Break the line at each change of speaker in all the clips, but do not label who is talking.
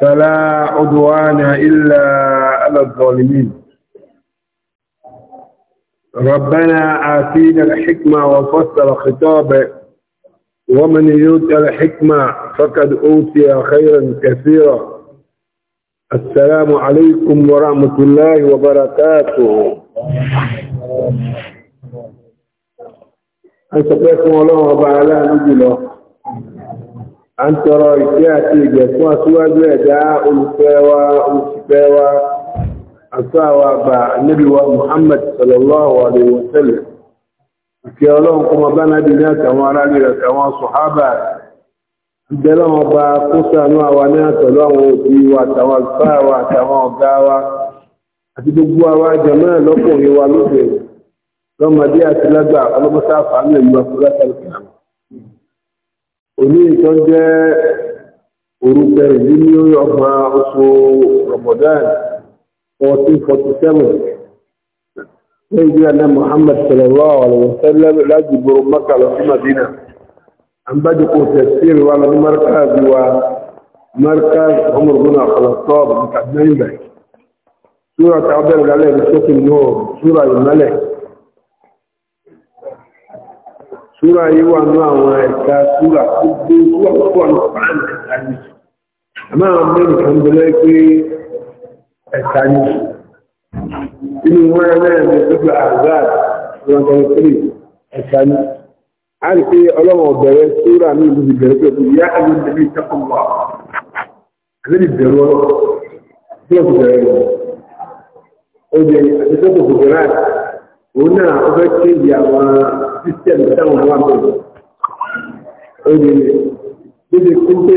فلا عدوان إلا على الظالمين ربنا آتينا الحكمة وفصل خطابه ومن يؤتى الحكمة فقد أوتي خيرا كثيرا السلام عليكم ورحمة الله وبركاته أنت تكون الله وبعلا نجله à ń tọrọ ìfẹ́ àti ìgbẹ̀ fún aṣíwájú ẹ̀dá olùfẹ́ wa olùsìfẹ́ wa àtọ́ àwọn àgbà Ànábì wa Muhammad sallallahu alaihi wa sallam àti ọlọ́run kó máa bá nábi ní àtàwọn aráàlú rẹ̀ àtàwọn sọ̀hábà ìbẹ̀lọ́wọ́n bá kó sànú àwa ní àtọ̀lọ́ àwọn òbí wa àtàwọn àlùfáà àtàwọn ọ̀gá wa àti gbogbo àwa jẹ̀mọ́ lọ́kùnrin wa lóde òní ìtọ́ jẹ́ orúkọ ìlú ní ọgbà oṣù Ramadan 1447 lẹ́yìn àná Muhammad sallallahu alaihi wasallam láti gbòrò Maka lọ sí Madina an bá jùkú tẹ̀síri wa lọ́dún markaz wa markaz Umar bin Khattab ní kàdínà ìgbà súra tàbí ẹ̀rọ lálẹ́ ìṣẹ́kùn náà súra ìmọ́lẹ̀ súra yìí wà ní àwọn ẹ̀ka súra gbogbo súra púpọ̀ ní pàánù ẹ̀ka yìí a máa mẹ́rin kan bẹ̀rẹ̀ pé ẹ̀ka yìí
inú wọn náà ní pípẹ́ azad rọ̀gbọ̀n tírì
ẹ̀ka yìí a rí pé ọlọ́wọ̀n bẹ̀rẹ̀ súra ní ìlú ìbẹ̀rẹ̀ pé kò yá ẹ̀lú ìbẹ̀rẹ̀ ìtẹ́kùn wà àlẹ́ ìbẹ̀rẹ̀ ọlọ́wọ́ bí ó bẹ̀rẹ̀ bẹ̀rẹ̀ òun ó system táwọn wà bẹ̀rẹ̀ orí bíbi kúndé kúndé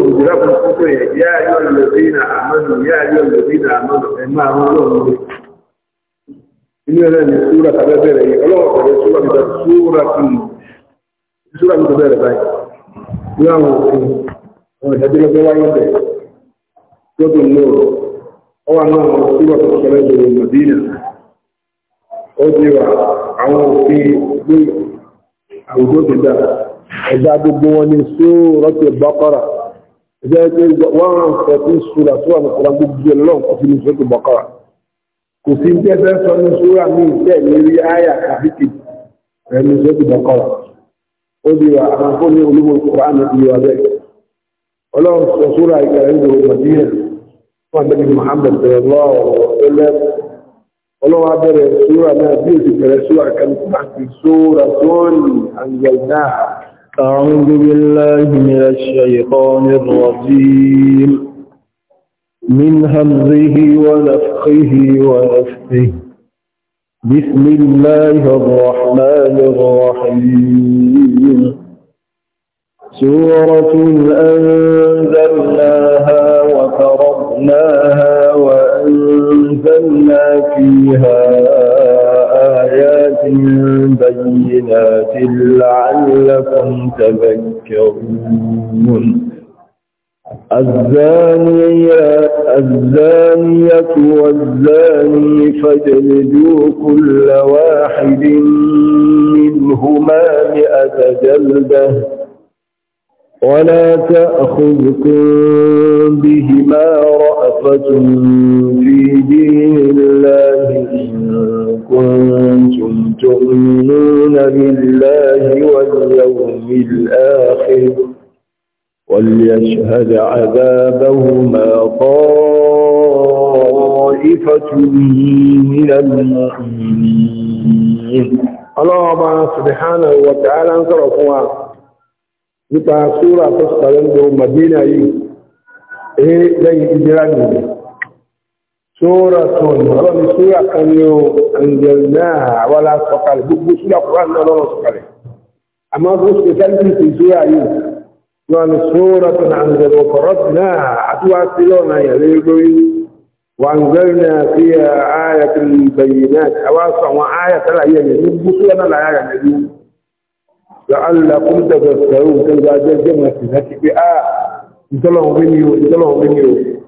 òjìlá fún kúndé yẹn yá yọ lòdì nà àmọ́nù yá yọ lòdì nà àmọ́nù ẹ̀ máa wọn lọ́wọ́ lórí inú ẹ̀rẹ́ ni súra tàbí bẹ̀rẹ̀ yìí ọlọ́wọ́ bẹ̀rẹ̀ súra mi tàbí súra fún mi súra mi tó bẹ̀rẹ̀ báyìí ní àwọn òfin ọ̀rọ̀ ìdájọ́ lọ́gbẹ́ wáyé bẹ̀ tó dùn lóòrò ọwọ́ àwọn ọmọ súra tó sọ ó ti wà àwọn òfin gbé àwùjọ ti dà ẹ̀dá gbogbo wọn ni sóòrọ́tì bọ́kọ́rà ẹ̀dá pé wọ́n rán fẹ̀tí sùúrà tó wà ní kọ́ra gbogbo ẹ̀ lọ́n kọ́ sí ní sóòrọ́tì bọ́kọ́rà kò sí jẹ́ fẹ́ sọ ní sóòrà ní ìtẹ́ ní rí àyà kàfíkì rẹ̀ ní sóòrọ́tì bọ́kọ́rà ó ti wà àwọn olúwo kọ́ra ní ìyọ̀ bẹ́ẹ̀ ọlọ́run sọ sóòrà ìkàrẹ́ ìgbòho mọ̀dínà fún àbẹ́ni Muhammad sallallahu alaihi ولو عبر sóra ما bí òsì bẹ̀rẹ̀ sóra kẹlùkù àti sóra أعوذ بالله من الشيطان الرجيم من همزه ونفخه ونفخه بسم الله الرحمن الرحيم سورة أنزلناها وفرضناها أنزلنا فيها آيات بينات لعلكم تذكرون الزانية, الزانية والزاني فاجلدوا كل واحد منهما مئة جلدة ولا تأخذكم بهما رأفة في دين تؤمنون بالله واليوم الآخر وليشهد عذابهما طائفة من المؤمنين الله سبحانه وتعالى انصر أخوان nípa súra ايه sọ̀rọ̀ ń lo màdínà yìí èé سورة الله سورة كان أنزلناها ولا سقال بقول سورة القرآن ولا سقال أما رسل تنزل في سورة يوسف وأن سورة أنزل وفرضناها أتوا سلونا يا ليلوي وأنزلنا فيها آية البينات أواصع وآية لا هي بقول لا آية نبي لعلكم تذكرون تنزل جمعة في ذاتك آه انتلهم بنيو انتلهم بنيو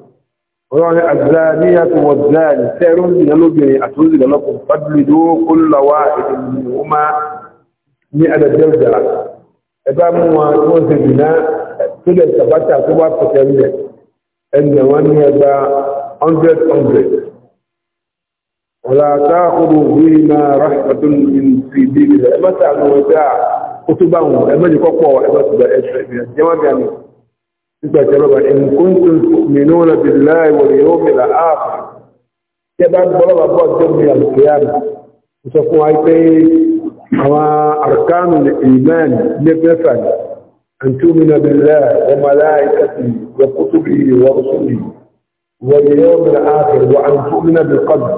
ọlọ́run àzáníyàtò wọ̀záàní tẹ́rún ìyàn lóbìnrin àtúnzì lọ́lọ́pùn fàdìlìdó kólùlọ́wà ìdìmọ̀má ní àdàjẹ́rìdà ẹgbà mú wọn tí wọ́n ṣe dìná tó lè sàbátà tó wà pẹ̀tẹ́ rẹ̀ ẹni wọn ní ẹgbà 100 ah, ọ̀là nígbà tí ọlọ́ba in kuntum tu'minuna billahi wal yawmil akhir tí ẹ bá bọ́lọ́ba bọ́ ọjọ́ mi àlùkìyàmù mo sọ fún wa pé àwọn arkanu iman mẹ́fẹ́fà ni an tu'mina billahi wa malaikatihi wa kutubihi wa rusulihi wal yawmil akhir wa an tu'mina bil qadr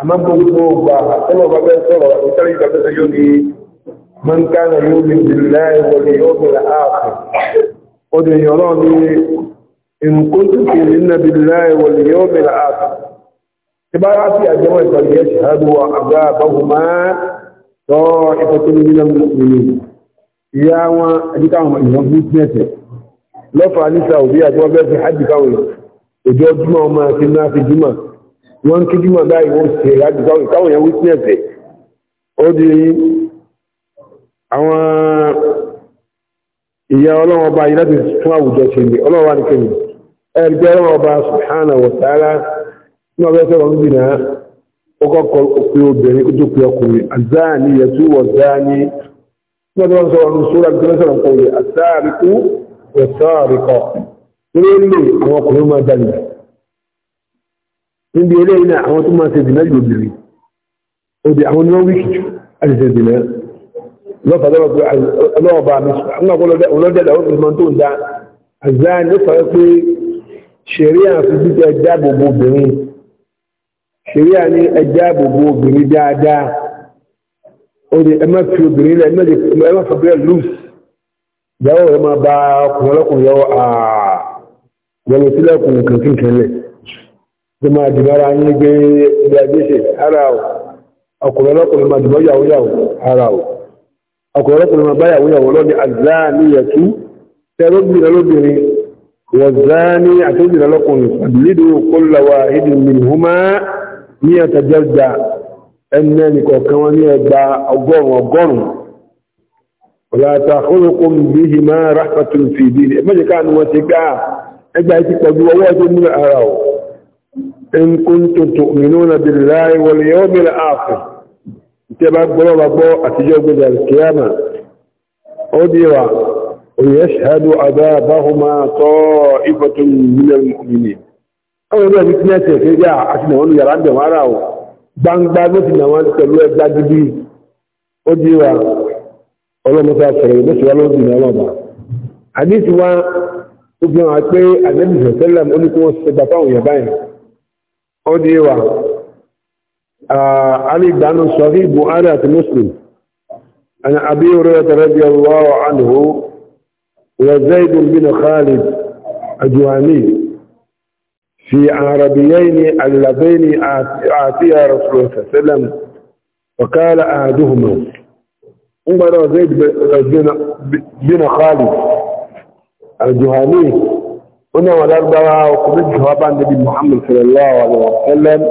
àmọ́ gbogbo gbà ọlọ́ba bẹ́ẹ̀ sọ̀rọ̀ ìtàrí ìgbà odò èèyàn náà ní nǹkan tó kì í nàbí láì wọlé yóò mìíràn ààbò tí bá rántí àjẹmọ́ ìpàdé yẹn ṣàádù wa àgbà àbáwò máa tọ́ ìfọ́tò ní nílẹ̀ mùsùlùmí ìyá wọn àdíkàwọn ìwọ̀n bísínẹ̀sì lọ́fà ní Saudi àti wọ́n bẹ́ẹ̀ fi hajj káwọn ìyá ọlọ́wọ́ bá iná ti tún àwùjọ ṣe ní ọlọ́wọ́ ní kẹ́yìn ẹgbẹ́ ọlọ́wọ́ bá subhanahu wa ta'ala ní ọbẹ̀ sọ̀rọ̀ ń bìnà ó kọ́kọ́ pé obìnrin ó dúpẹ́ ọkùnrin àzáàní yẹtú wọ̀ záàní ní ọdún wọn sọ̀rọ̀ ní sóra bí wọ́n sọ̀rọ̀ ń kọ̀wé àzáàríkú wẹ̀sọ̀ríkọ̀ nílé àwọn ọkùnrin máa dalẹ̀ níbi eléyìí náà àwọn tó máa ṣe dìnnà yóò lọ́pàá lọ́wọ́ pé ọlọ́wọ́ bá mi sùn àwọn ọkọ̀ ọlọ́dẹ̀dà ó fi mọ́ tó ń da àzáà ní sọ pé ṣẹ̀ríà fi títí ẹja gbogbo obìnrin ṣẹ̀ríà ní ẹja gbogbo obìnrin dáadáa ó ní ẹ má fi obìnrin lẹ ẹ má fọbẹ́rẹ́ lùs ìyàwó rẹ máa bá ọkùnrin ọlọ́kùnrin yọ ààrùn sílẹ̀kùn kankan kẹlẹ̀ tó máa dìbò ara yín gbé ilé ajé ara ọkùnrin ọlọ́kùnrin máa dìbò yàwó yàwó ara ọ̀ ọkùnrin ọkùnrin máa báyàwó yàwó lọ́ni àzáníyàtú tẹ́lóbìnrin lóbìnrin wọ̀záni àtẹ́bìnrin lọ́kùnrin àdìlídò kólàwà ìdìmìnhúmá ní ẹ̀tàjẹ́gbà ẹnẹ́ nìkọ̀ọ̀kan wọn ní ẹgbà ọgọ́rùn ọgọ́rùn ọ̀làtà àkọ́lùkùn bí i máa ráfàtún fi ìdí ẹ̀ mẹ́jẹ̀ káàánú wọn ti gbá ẹgbà ti pọ̀jù ọwọ́ ọjọ́ mú tí a bá gbọ́rọ̀ bá gbọ́ àtijọ́ gbogbo alkiyama ó dí wa òyìn ṣàádọ́ àdábáhùmá tọ́ ìfọ̀tún nílẹ̀ mọ̀mìnì àwọn ẹgbẹ́ mi ti ní ẹsẹ̀ fẹ́ yá àti nà wọn yàrá ń bẹ̀ wọ́n ara o gbangba ló ti nà wọn pẹ̀lú ẹgbà gidi ó dí wa ọlọ́mọta sọ̀rọ̀ ló sì wá ló dì náà lọ́ba àdìsí wa ó fi hàn pé àdébìsọ̀ tẹ́lẹ̀ ó آه، علي بن صغير وآلة مسلم أنا أبي هريرة رضي الله عنه وزيد بن خالد أجواني في عربيين اللذين آتيا رسول الله صلى الله عليه وسلم وقال أحدهما عمر زيد بن خالد الجهاني هنا ربا وقبل جوابا النبي محمد صلى الله عليه وسلم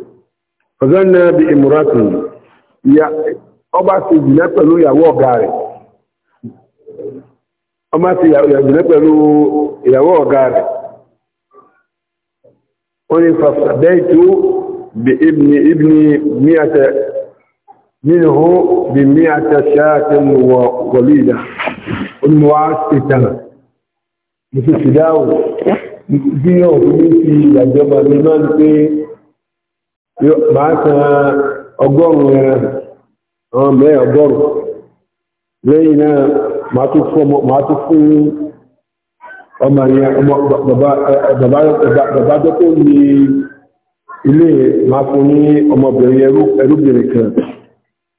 ọ̀gánná bí ìmúratì ọba ti jìnà pẹ̀lú ìyàwó ọ̀gá rẹ̀ ọba ti jìnà pẹ̀lú ìyàwó ọ̀gá rẹ̀ ó ní fàfàdẹ́ìtú bí ibni ibni míyàtẹ̀ nínú bí míyàtẹ̀ ṣáàtẹ̀ wọ pẹ̀lú ìdá olùmọ̀wá ìtànà mo ti fìdáwò bí yóò fi ìyàjọba ní máa ń pé máa kan ọgọ́rùn-ún ẹran àwọn mẹ́rin ọgọ́rùn-ún lẹ́yìn náà máa tún fún ọmọ yẹn bàbá tó tó ní ilé máa fún ní ọmọbìnrin ẹrúbìnrin kan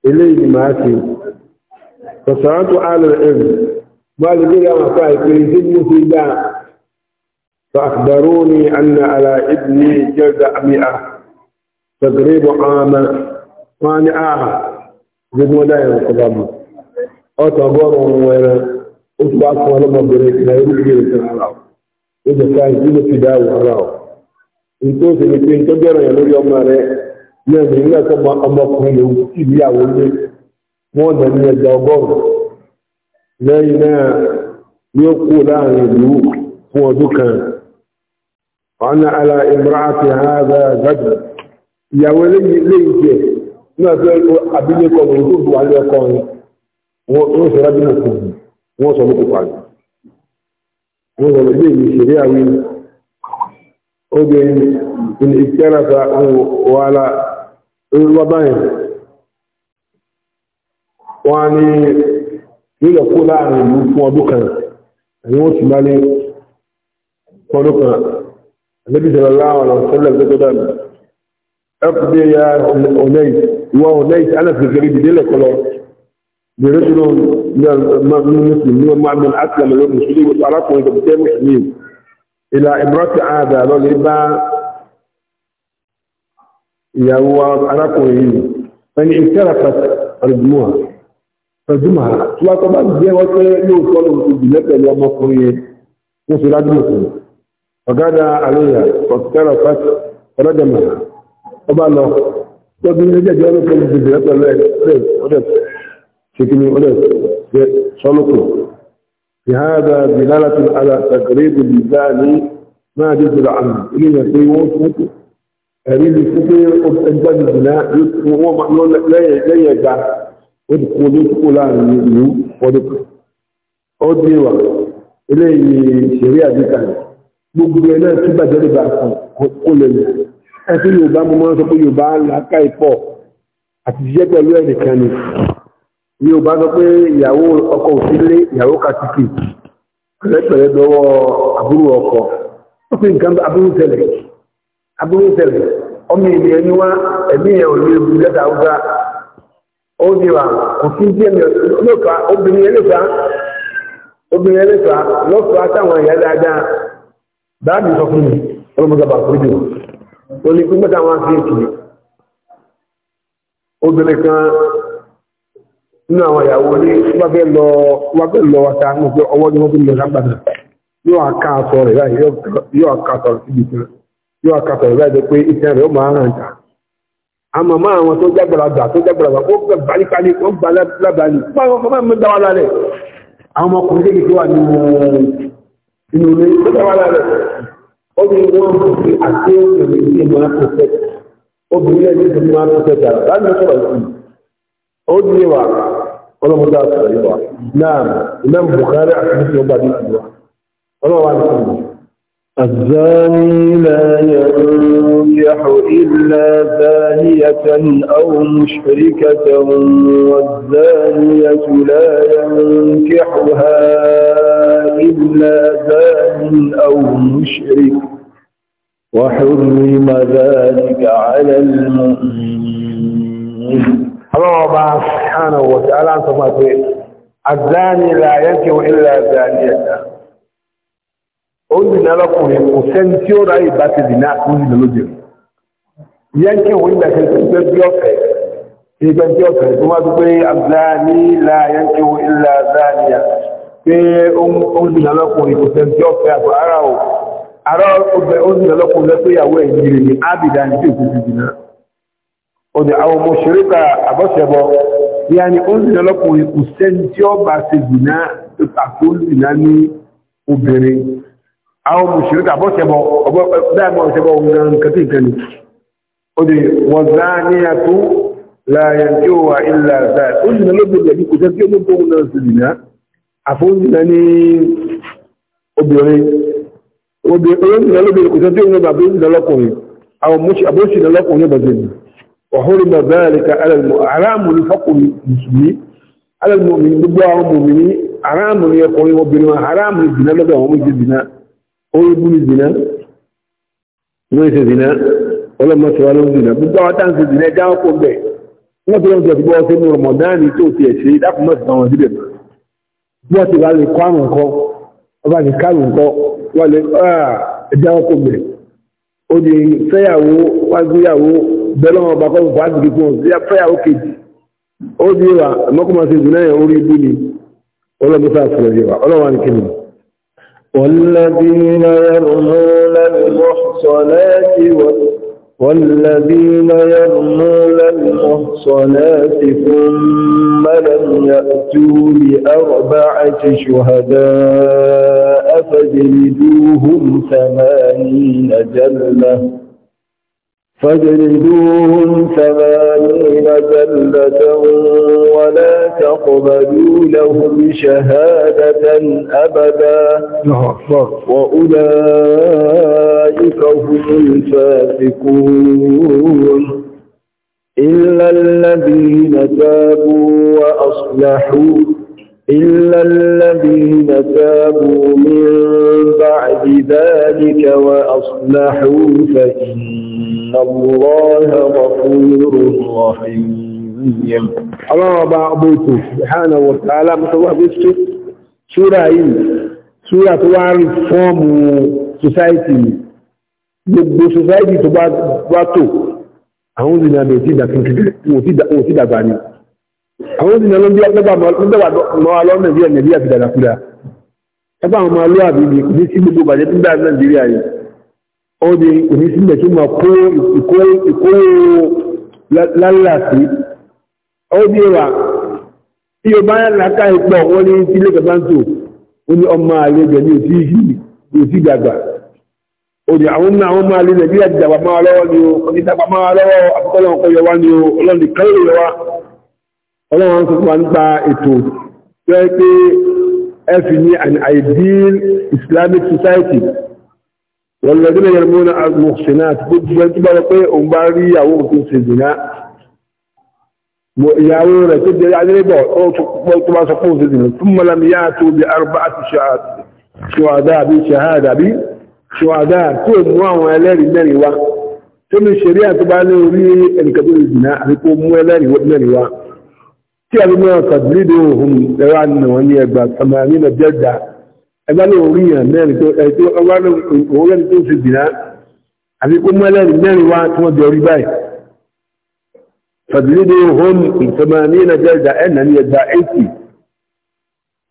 ilé ìdí máa ṣe ọ̀sán tó ààrẹ ẹ̀rù máa lè gbé àwọn àpá ìpè ìdíjú sí dáa فأخبروني أن على ابني جلد أمئة تقريب عام وعن آه زد ولا ينقضب أتبر وغير أتبعك ولما بريك لا يمكن أن تنعلم إذا كان كل فداء وحرام إن توصل لكي تبير يلو يوم رأي yẹ́nì ilé ẹ̀kọ́ máa ọmọkùnrin lè wù sí ìyàwó ilé ìyàwó eléyìí jẹ náà fẹ́ abilékọ lòun tó bu alẹ́ ọkọ rẹ̀ wọ́n sọ lábẹ́ òkú wọ́n sọ lókùn pàdé wọ́n sọ lókùn èyí ṣeré àwí obìnrin ní ìkẹ́rẹ́ta wàhálà olùwà báyìí wọ́n á ní nílò kó láàrin ìlú fún ọdún kan àwọn oṣù bá ní ọdún kan àlébìsẹ̀rẹ̀ láwọn ọ̀nà sẹ́lẹ̀ tó dàbí اقضي يا أنيس وأنيس أنا في الغريب دي لك ولو برجل من المسلم هو معمل أسلم اليوم مسلم وتعرفوا إذا بتاع مسلمين إلى إمرأة عادة لو لبا يا هو أراكم فإن اعترفت رجموها رجمها لا طبعا دي وقت يوصلوا في البلاد اللي هم مصريين وفي العدل فقال عليها فاعترفت رجمها ọba lọ lọ́bí ní ẹjẹ́ ìjọ́rọ̀ pẹ̀lú ìdìbò pẹ̀lú ẹ̀rẹ́ ọdẹ ṣìkìní ọdẹ jẹ sọ́lọ́kù fi ha da bi lálàtí ala tàgẹ̀rẹ́ ìdìbò ìgbà ní máa dé jùlọ àmì ilé yẹn pé wọ́n fún kù ẹ̀rí ni fún pé ẹgbẹ́ náà wọ́n lẹ́yìn ẹ̀dá ó ti ní láàrin ìlú ó dé wà ṣeré àdìkà gbogbo ẹ̀ náà tí bàjẹ́ lè bá kó lè lè ẹtí yorùbá mo máa ń sọ pé yorùbá làákà ìpọ̀ àti jíjẹ́ pẹ̀lú ẹnìkan ni yorùbá sọ pé ìyàwó ọkọ òsínlé ìyàwó kàtìkì pẹ̀lẹ́pẹ̀lẹ́ dọ́wọ́ àbúrò ọkọ ó fi nǹkan àbúrò tẹ̀lẹ̀ àbúrò tẹ̀lẹ̀ ọmọ ènìyàn ni wá ẹ̀mí ẹ̀ ò lè bu lẹ́tà ọgbà
ó ní wa kò sí díẹ̀ mi lóòfà obìnrin ẹlẹ́fà
obìnrin ẹlẹ́fà lọ́fà táwọn ìyá dáadáa báàbí sọ fún mi ọlọ́mọdé bàbá àkójọ torí pé mẹ́ta wọn fi èkìlì obìnrin kan nínú àwọn ìyàwó ní wábẹ́ lọ wábẹ́ lọ wáta ní pé ọwọ́ ni wọ́n fi lọ lágbàdà yóò àká àtọ̀ rẹ̀ báyìí yóò àká àtọ̀ rẹ̀ síbi kan yóò àká àtọ̀ rẹ̀ báyìí pé iṣẹ́ rẹ̀ ó máa ràn jà àmọ́ máa àwọn tó jágbàlagbà tó jágbàlagbà ó gbẹ balipali ó gbà lábàlì fáwọn ọmọ mi wà lálẹ́ obìnrin wọn kò fi àti obìnrin sí máa tó fẹ́ obìnrin ẹni tó máa tó fẹ́ dára láti lọ sọ̀rọ̀ sí wa ọlọ́mọdé àti ìwà náà Imam Bukhari àti Muslim bá dé ìwà ọlọ́wà ní sọ̀rọ̀ الزاني لا ينجح إلا زانية أو مشركة والزانية لا ينكحها إلا زان أو مشرك وحرم ذلك على المؤمنين الله سبحانه وتعالى الزاني لا ينكح إلا زانية ó ń dìnnà lọ́kùnrin kò sẹ́ni tí ó ráyè bá ti dìnnà àti ń dìnnà lóbìnrin yẹn kí òun ìgbà kí n pẹ́ bí ọ̀fẹ́ ìgbà tí ọ̀fẹ́ tó máa dúpẹ́ àzáni la yẹn kí òun ìlà àzániya pé ó ń dìnnà lọ́kùnrin kò sẹ́ni tí ọ̀fẹ́ àgbà ara o ara ọbẹ̀ ó ń dìnnà lọ́kùnrin lẹ́pẹ́ ìyàwó ẹ̀ yìí ni ábìdá ní ìkú ti dìnnà òdì àwọn ọmọ òṣèré ta àbọ̀ṣẹ̀bọ ìyá ni ó ń dìnnà lọ́kùnrin kò sẹ́ni tí ọ àwọn mùsùlùmí àbọ̀ ṣẹbọ ọgbọ́ dáàbọ̀ ṣẹbọ ọgbọ́n nǹkan tí ìkẹni ó di wọ́n zá ní àtú láàyè tí ó wà ilẹ̀ àzá ó sì ní lóbi ìjẹ̀bí kò sẹ́tí ó gbóhùn náà sì dìnnà àfóúnjìnà ní obìnrin olóńjìnà lóbi kò sẹ́tí ó gbóhùn àbí ìjìnà lọ́kùnrin àwọn mùsùlùmí àbó ṣìnà lọ́kùnrin bàjẹ́ ni ọ̀húnrún bàbá àríkà aráàmù ní fọ́kùnrin mùsùlùmí aráàmù ní gbogbo àwọn mùmìnì aráàmù ní ẹkùnrin obìnrin aráàmù ní jìnà lọ́dọ̀ àwọn méjì jìnà orígbú ní zìnà wọ́n ṣe zìnà ọlọ́mọ̀ṣọ́wá ló ń zìnà gbogbo àwọn tá ń ṣe zìnà ẹja ọkọ̀ bẹ̀ wọ́n ti lọ́n ti ọ̀tí bọ́ ṣe ní rọmọdáàní tó ti ẹ̀ṣẹ́ dákùnmọ́ ti báwọn síbẹ̀ bí wọ́n ti wá lè kọ́ àrùn kọ́ ọba ti kárùn kọ́ wọ́n lè ah, ẹja ọkọ̀ bẹ̀ ó di fẹ́yàwó wájúyàwó bẹ́ẹ̀ lọ́wọ́ ọba kọ́ fàásìkì fún fẹ́yàwó kejì ó di wa mọ́kùnmọ́ ṣe zìnà yẹn orí ibú ni ọlọ́mọṣọ́ àṣọ والذين يرمون المحصنات والذين يرمون المحصنات ثم لم يأتوا بأربعة شهداء فجلدوهم ثمانين جلة فاجلدوهم ثمانين زلة ولا تقبلوا لهم شهادة أبدا وأولئك هم الفاسقون إلا الذين تابوا وأصلحوا إلا الذين تابوا من بعد ذلك وأصلحوا فإن inna Allaha ghafurur rahim ọlọ́run ọba ọba ètò ìhànà wọ̀tà alámọ́sọ́wọ́ àgbéṣe ṣúra yìí ṣúra tó wá rí fọ́ọ̀mù society gbogbo society tó bá tò àwọn òdìnà bẹ̀ tí dàgbà ní àwọn òdìnà ló ń bí ọgbẹ́gbà mọ́ alọ́nà bí ẹ̀nà ó ní òní sílẹ̀ tí ma kó ìkó lálàsí ó ní wà tí o bá láká ipọ̀ wọ́n ní tí lẹ́gbẹ̀ bá ń tò ó ní ọmọ àlejò ní òtí gbàgbà ó ní àwọn náà wọ́n máa lè bí àjàgbà máa lọ́wọ́ ni o ní tàbà máa lọ́wọ́ àkọ́kọ́lọ́ ọkọ̀ yọ wá ni o ọlọ́ni kẹ́lẹ́ yọ wá ọlọ́run sọ fún wa nípa ètò tó yẹ pé ẹ fi ní an ideal Islamic society والذين يرمون المحسنات قد يجب لقي أمباري أو مكين سيدنا ياوي رجل يعني بو أو تبا سقوط سيدنا ثم لم يأتوا بأربعة شهادة شهداء بشهادة بي شهداء كل نوع ولاري ناري وا ثم الشريعة تبا لوري الكبير الزنا يكون مولاري وناري وا كانوا تدريبهم لو أنه وني 80 جلدة ẹgbẹ́ náà orí yàn mẹ́rin tó ẹjọ́ ọwọ́ òun lẹ́ni tó ṣe dìrá àbí kó mọ́ ẹlẹ́rìí mẹ́rin wá tí wọ́n jọ rí báyìí fàdúrídé hom ìtọ́mọ ní nàìjíríà ìdá ẹ̀nà ní ẹ̀dá ẹ̀kì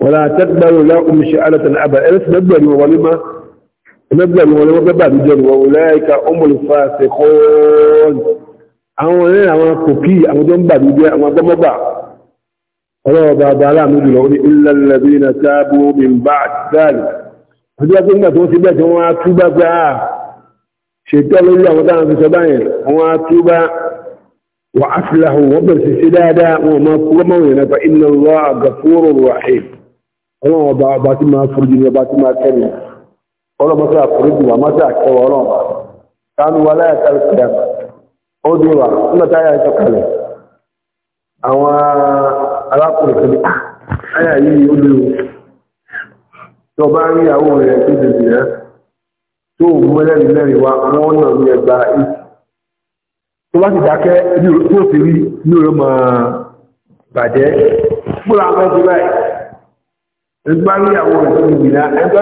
wọ́n àtẹ́gbẹ̀rún lẹ́kùn ṣe alẹ́tàn àbá ẹ̀rẹ́ ti mẹ́gbẹ̀rún wọn wọlé má mẹ́gbẹ̀rún wọn wọ́n bẹ́bà àdújọ wọn wọ́n lẹ́ẹ̀ka ọmọlù fàṣẹ kọ́ọ̀ọ́n àwọn ẹ̀rẹ́ àwọn kòkí àwọn tó ń bàdújẹ ọlọ́wọ́ bá bá aláàmú jùlọ ilẹ̀lẹ̀bí na tábù ìmbà dáàlì ọjọ́ pé nígbà ti tí wọ́n á túbá pé a ah, ṣètọ́ lórí àwọn táwọn fi wọ́n á túbá wà á fi láhùn wọ́n bẹ̀rẹ̀ sí sí dáadáa wa arákùnrin kan ní àyà ah, yìí ó léwu tó bá rí ìyàwó rẹ̀ tó dèbì rẹ̀ tó mú mẹ́rin wá wọ́n náà ní ẹgbà ìsì tó bá ti dákẹ́ ní fi rí ní bàjẹ́ fúra mọ́ báyìí ẹgbà rí rẹ̀ tó dèbì rẹ̀ ẹgbà tó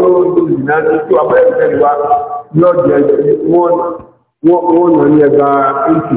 dèbì rẹ̀ ní tó abẹ́rẹ́ mẹ́rin lọ́ọ̀dì wọ́n náà ní ẹgbà ìsì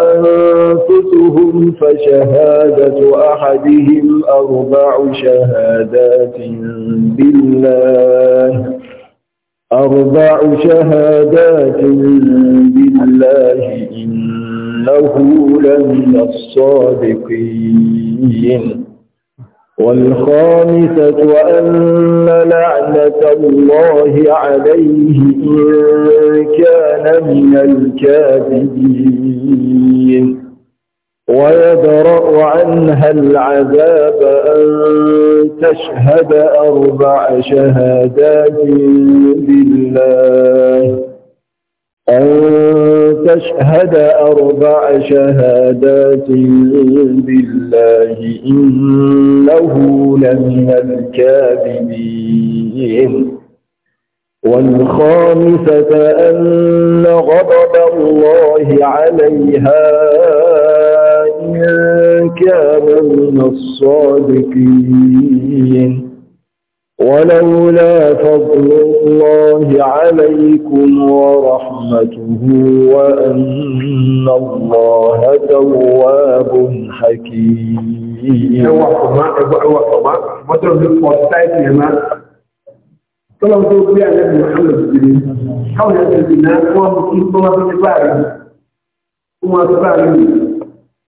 أنفسهم فشهادة أحدهم أربع شهادات بالله أربع شهادات بالله إنه لمن الصادقين والخامسة أن لعنة الله عليه إن كان من الكاذبين ويدرأ عنها العذاب أن تشهد أربع شهادات بالله أن تشهد أربع شهادات بالله إنه لمن الكاذبين والخامسة أن غضب الله عليها إن كان من الصادقين ولولا فضل الله عليكم ورحمته وأن الله تواب حكيم Tọ́lọ́n tó gbé àlẹ́bì Mọ̀hánlẹ̀ ìgbèrè, káwọn yẹn ti dìnà wọ́n kí tọ́lá tó ti bá rẹ̀. Wọ́n ti bá rẹ̀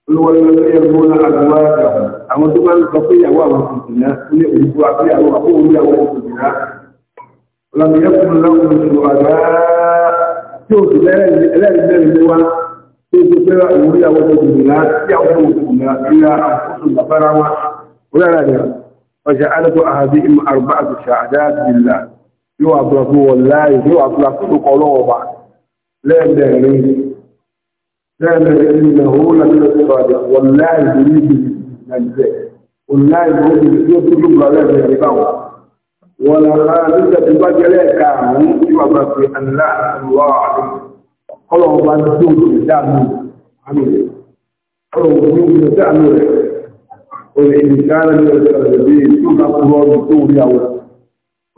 olúwọ́lẹ́lẹ́ ẹgbọ́n àgbà àgbà. àwọn tó máa ń sọ pé ìyàwó àwọn kòtìlá ní òyìnbó àbíyàwó àbóhùn ìyàwó kòtìlá ọlọ́mìyàn fún lọ́wọ́ ìṣòro àgbà tí ó ti lẹ́rìn mẹ́rin lé wá tí ó ti pé òun ìyàwó kòtìlá tí àwọn kòtìlá ìyá àkóso bàbára wa wúlára rẹ̀ ọjà alẹ́kọ̀ọ́ àhàbí ìmọ̀ àrùbá àtúnṣe àdáàbìlà yóò àbúrà fún wọn láàyè yóò ẹgbẹ́ oníláìmọ̀ ó ti tí ó tún lùgbọ́ lẹ́gbẹ̀ẹ́ nígbà wọn nígbà tí bá jẹ́ lẹ́ẹ̀ka bá fi kọ́lọ̀ ọba ti àmì rẹ̀ kọ́lọ̀ ọba rẹ̀ ní ọjọ́ bá tó wúlé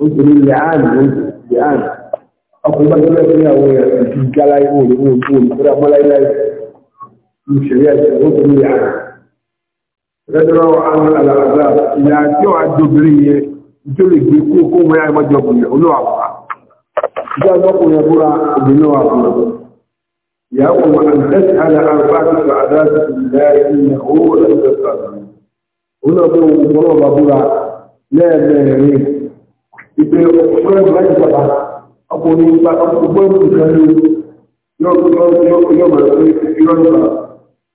ọkùnrin bá jẹ́ lẹ́ẹ̀kọ́ rẹ́dọ́rọ́ alàgbà ìyá tí ó àjọbìnrin yẹ tó lè gbé kú kó mọ́ àìmọ́jọ ọkùnrin olóòwà fúra ìjọ ọkùnrin ẹ̀búra obìnrin wà fúra ìyàwó àǹtẹ́sì alàgbà àti àdáàtì ìlà ìyà owó lẹ́gbẹ̀ẹ́sà olóòwò ìgbọ́nà bàbúra lẹ́ẹ̀mẹ́rin ìpè ọkùnrin báyìí bàbá ọkùnrin bá ọkùnrin gbọ́n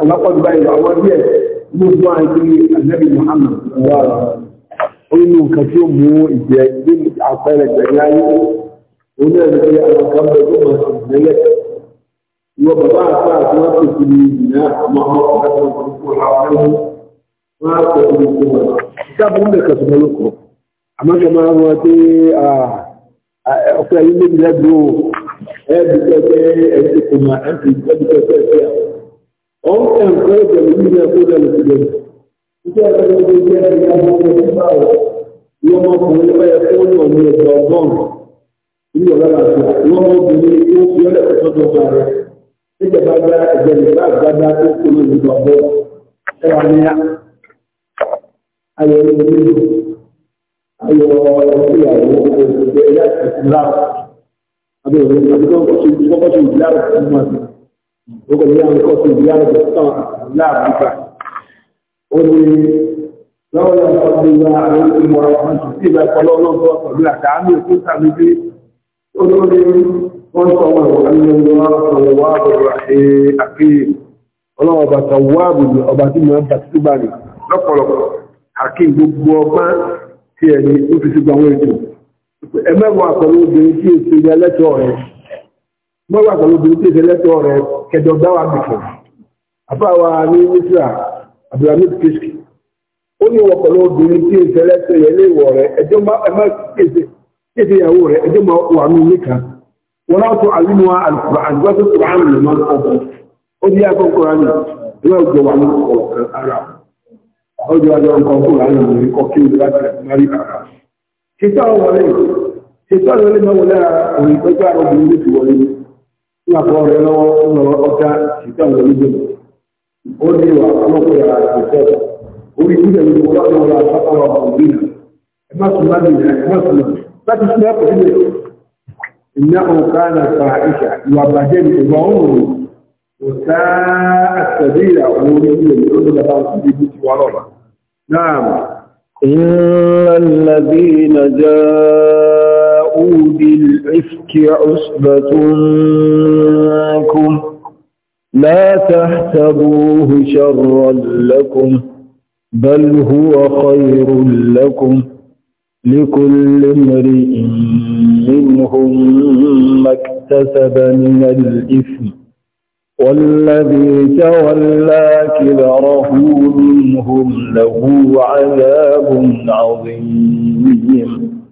ọlọ́pọ̀ ìgbà ìlú àwọn díẹ̀ ní ojú àìsí àjẹ́bì Muhammad ó nínú nǹkan tí ó mú ìjẹ́ ní àpẹẹrẹ gbẹ̀yìn ayé ó ní ẹ̀rí pé àwọn kan bẹ tó mọ̀ sí ìgbẹ́lẹ̀ ìwọ bàbá àti àti wọn sì fi ìdìnnà àmọ́ ọmọ ọ̀gá tó ń kó ra ọ̀gá wọn á pẹ̀lú ìgbẹ́ wọn. ìjábọ̀ ń bẹ̀ kẹsàn-án lókọ̀ àmọ́ kẹ máa wọ pé ọkọ̀ ẹ̀yìn méjìlá dúró ẹ̀ẹ́dùkẹ́ ẹ̀ẹ́dùkẹ́ أو أنقذ من يقول الكذب إذا كان الرجال يقول الكذب يوم أقول ما يقول ومن الضربان إلا ولا يوم أقول يوم يلا تصدق إذا بعد الجلبات بعد تكون من الضربان يعني أيوة أيوة أيوة أيوة أيوة gbogbo ìyá mi kọ́ sí ìyá mi tán láàbùgbà ó ní lọ́wọ́ yóò kọ́ sí ìyá àwọn ìmọ̀ràn kan sì sí ìbá ìkọlọ́ ọlọ́gbọ́ pẹ̀lú àdáàmì òkú tàbí pé ó ló ní wọ́n sọ wọn àwọn ìlú wọn sọ̀rọ̀ wá bọ̀rọ̀ àti ọlọ́wọ́ ọba tó wá àbùdù ọba tí mo ń wọ́n wà pẹ̀lú obìnrin tí èsẹ̀ rẹ̀ kẹjọ dáwà bìkọ̀ àbáwa ní mísírà abdulhamid kiski ó ní wọ́n pẹ̀lú obìnrin tí èsẹ̀ lẹ́tọ̀ọ́ yẹn lé ìwọ̀ rẹ̀ ẹjọ́ ẹmọ kéde ìyàwó rẹ̀ ẹjọ́ máa wà ní wọn àlùmọ́ àdúgbàtò lè máa ó ní wà ní kọ̀ọ̀kan ara ọjọ́ ajọ́ nǹkan ní àpọ̀ rẹ̀ lọ́wọ́ lọ́wọ́ ọjà ìṣẹ́ àwọn olùgbé ó ní ìwà ọlọ́pọ̀ yàrá ìṣẹ́ orí ìṣẹ́ ìlú ọlọ́pọ̀ yàrá ìṣàkọrọ̀ ọ̀gbìn náà ẹ má sùn má bì náà ẹ má sùn náà láti sùn ẹ̀kọ́ sílẹ̀ ìyá òǹkà náà fa ìṣà ìwà bàjẹ́ ní ìwà òòrùn òǹkà àtẹ̀lé ìyàwó orí ìṣẹ́ ìlú ọlọ́pọ̀ yàrá ìṣàkọrọ̀ أولي الإفك عصبة منكم لا تحسبوه شرا لكم بل هو خير لكم لكل امرئ منهم ما اكتسب من الإثم والذي تولى كبره منهم له عذاب عظيم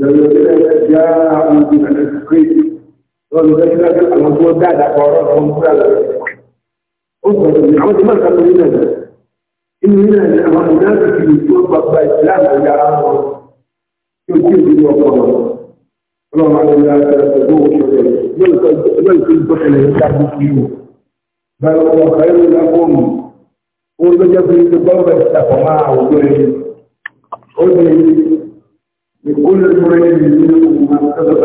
lọ́dọ̀dẹ́lẹ́ já àwọn ibi rẹ̀ kéèké lọ́dọ̀dẹ́lẹ́ àwọn tó dáadáa kọ ọ̀rọ̀ ọ̀hún kúrò àlọ́ ó sọ لكل مريض منهم ما كتب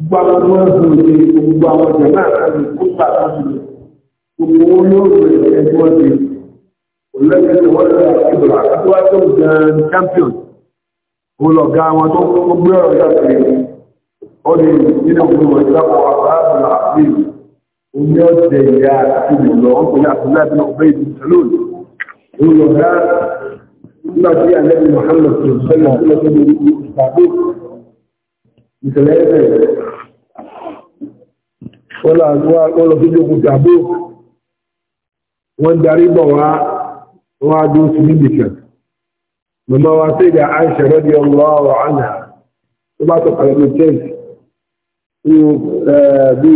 gbogbo àwọn tó ń sọ ṣe gbogbo àwọn jẹ̀mọ́ àkàlù kó gbà lọ́sùn gbogbo wọn yóò rẹ̀ ẹgbẹ́ wọn ṣe olóògbé wọn lọ àkíbọ̀lá àkíwá tó gan champion wọn lọ ga wọn tó kó gbé ọ̀rọ̀ yà pé ó lè nínú òun wọn ìdápọ̀ àbáàbọ̀lá àbí omi ọ̀sẹ̀ ìyá nígbà tí àlẹ́bí Muhammad tó sẹ́yìn tó lọ́sọ́ lórí ìpàdé ìṣẹ̀lẹ̀ ẹ̀fẹ̀ wọ́n lọ àdúrà wọ́n lọ sí lókun tàbó wọ́n darí bọ̀ wá wọ́n á dúró sí níbi kan mọ̀mọ́ wa sí ìdá Aisha radiyallahu anha tó bá sọ pàlẹ́ ní chelsea bí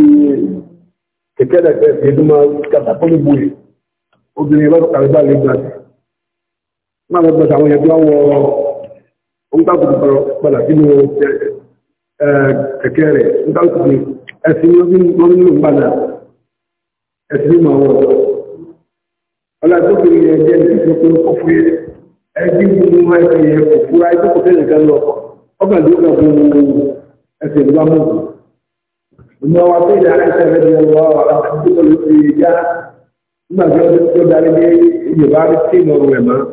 kẹ̀kẹ́ dàgbẹ́ ìdúmọ̀ kàtàkùn ìbúyè obìnrin lọ́dọ̀ kàlùbà lè gbàdé máa lọ gbọ́dọ̀ àwọn ẹgbẹ́ ọwọ́ onígbàgbọ́dọ̀ padà sínú kẹ̀kẹ́ rẹ̀ nígbàgbọ́dọ̀ ẹ̀sìn ní wọ́n nílò ń padà ẹ̀sìn ní màá wọ̀ ọlọ́dúnkùnrin yẹn jẹ́ ìdíjọ́ pé ó fi ẹbí mú ẹbí yẹn kò fúra ẹbí kò fẹ́ nìkan lọ ọgbà ló gbà fún ẹsẹ̀ ìlú amóhùn ọmọ wa pé ìdá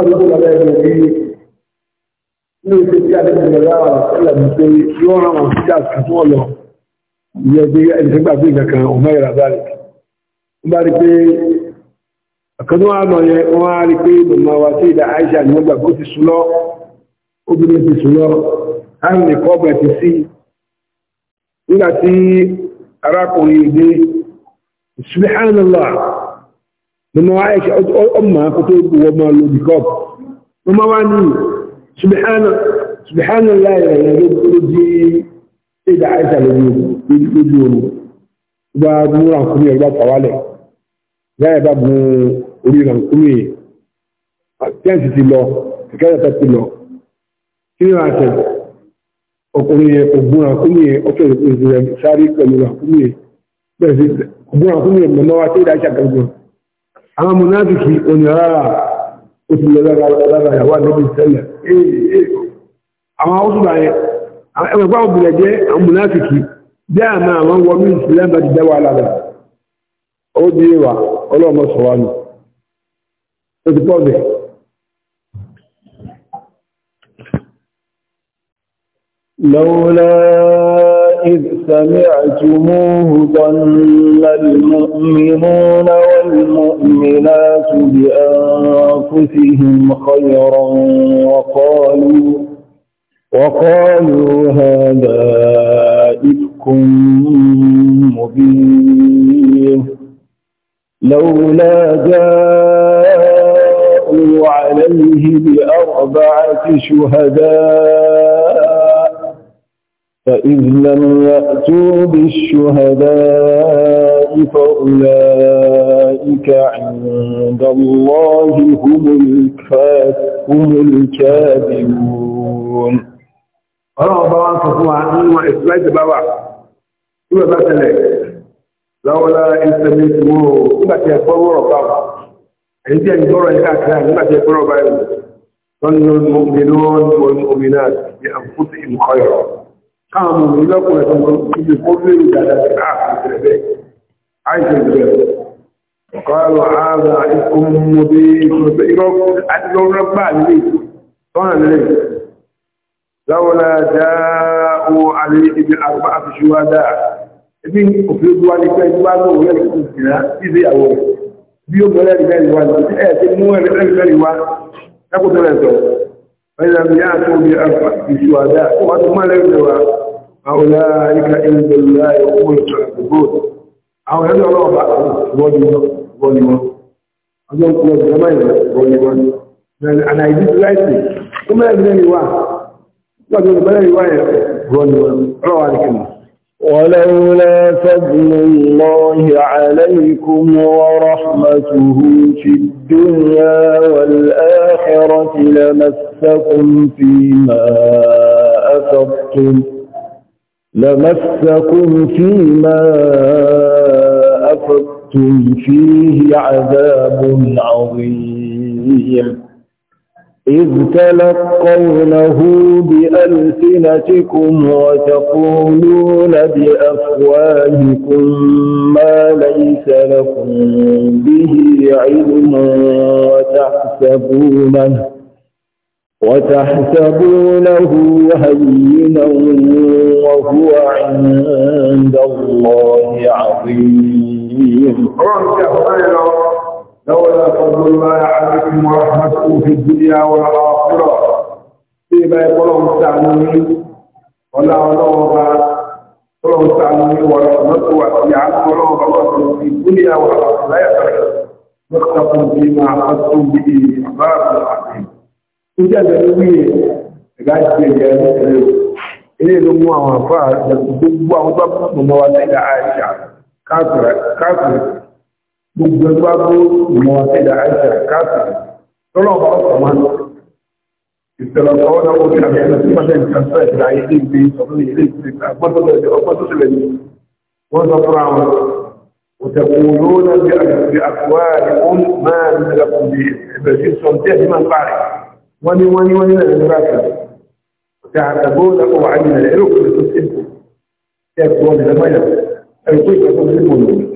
ọlọ́pọ̀ bàbá ẹgbẹ̀ rí ní oṣù tí a lè bẹ̀rẹ̀ láwà sílẹ̀ ní pé yóò rán wọn sí àtúntún ọ̀lọ́ ìyẹ́ pé ẹ̀jẹ̀ gbàgbé kankan ọmọ ìrà báyìí wọ́n bá rí pé àkànú àmọ̀ yẹn wọ́n á rí pé màmá wa sí ìdá Aisha ni wọ́n gbà ti sùn obìnrin ti sùn lọ àrùn nìkan ọgbà ti sí nígbà arákùnrin ìdí subhanallah nínú àyẹ̀kẹ́ ọmọ akọ́tọ́ ìgbò wọ́n máa lo bìkọ́p wọ́n máa wá ní ṣùgbẹ́hánà láìrẹ̀ yẹn ló di ìdá àìsà lójú oru bá mú rànkúmí ẹ̀rọ pàwálẹ̀ láì bá mú orí rànkúmí tẹ́ǹsì ti lọ kẹ́kẹ́rẹ́ta ti lọ kí ni wàá tẹ̀ ọkùnrin yẹn ògùn rànkúmí yẹn ọkẹ́ ìrẹsì rẹ̀ sáré pẹ̀lú rànkúmí yẹn bẹ́ẹ̀ sí ògùn rànkúmí yẹn mọ̀mọ́ wa tí ìdá àìsà gbẹ̀gbẹ̀ àwọn mùnáfìkì onírárá oṣù lọ́lára ìyàwó àdébí sẹ́lẹ̀ àwọn ọ̀ṣùgbà yẹn ẹgbẹ̀gbà òbílẹ̀ jẹ́ àwọn mùnáfìkì bí àmà àwọn wọnú ìsìlẹ́mà ti jẹ́wà lára ó di wà ọlọ́mọ إذ سمعتموه ظن المؤمنون والمؤمنات بأنفسهم خيرا وقالوا وقالوا هذا إفك مبين لولا جاءوا عليه بأربعة شهداء فإذ لم يأتوا بالشهداء فأولئك عند الله هم الكافرون الكاذبون قرأ الله عنك هو عنه وإسلاحي تباوع كما بات لك لو لا إسلاميكم كما تيكبروا ربما عندي أن يدور إلى أكلام كما تيكبروا ربما صنوا المؤمنون والمؤمنات لأنفسهم خيرا káwọn ọmọ ìlọ́kùnrin tuntun ibi kó lérò dáadáa sí káàkiri bẹ́ẹ̀ àìsàn ìbẹ̀rẹ̀ ọ̀kọ́rọ̀ ààrẹ ikú mọ́bí ìrọ́gbà nílé tọ́nà nílé láwọ́lá dáàwó alẹ́ ibi àgbà àfiṣúwá dáa ibi òfin ìgbà ní pẹ́ ìgbà lóòrùn rẹ̀ kò jìnà ìdí àwọn bí ó فإذا يأتوا بشهداء وهم لم أولئك عند الله هم الكاذبون أو هذا الله بعض ظلم ظلم أظن كل زمان ظلم أنا أجيب لايتي ثم أبنى رواية وأظن ظلم رواه الكلمة ولولا فضل الله عليكم ورحمته في الدنيا والآخرة لمسكم فيما أفضتم لمسكم فيما أفضتم فيه عذاب عظيم إذ تلقونه بألسنتكم وتقولون بأفواهكم ما ليس لكم به علم وتحسبونه وتحسبونه هينا وهو عند الله عظيم ha ahha uli aa ụha ụra ụ wara aa nye e a gbogbo ẹgbẹ́ agbó ìmọ̀ ẹ̀dà àìsà káàkiri tọ́lọ̀ ọba ọ̀sán wọn ìṣẹ̀lẹ̀ ọ̀sán náà wọ́n kìlà mẹ́rin tí wọ́n ṣe ń tẹ̀sán ẹ̀dà ayé tí ń gbé sọ̀rọ̀ ilé ìgbésẹ̀ ọgbọ́n tó ṣẹlẹ̀ ní wọ́n sọ fún àwọn òtẹ̀kùnrin náà bí àgbẹ̀ àkùwárí ó máa ń lẹ́kùn bí ẹ̀bẹ̀ sí sọ tí ẹ̀dí máa ń parí wọ́n ní wọ́n ní wọ́n ní nàìjíríà kan ọ̀tẹ̀ àtàgbó lẹ́kùn wà ní nàìjíríà ẹ̀rọ kò lè tó sí ẹ̀kọ́ ọ̀dẹ̀ ẹ̀rọ tó sí mọ̀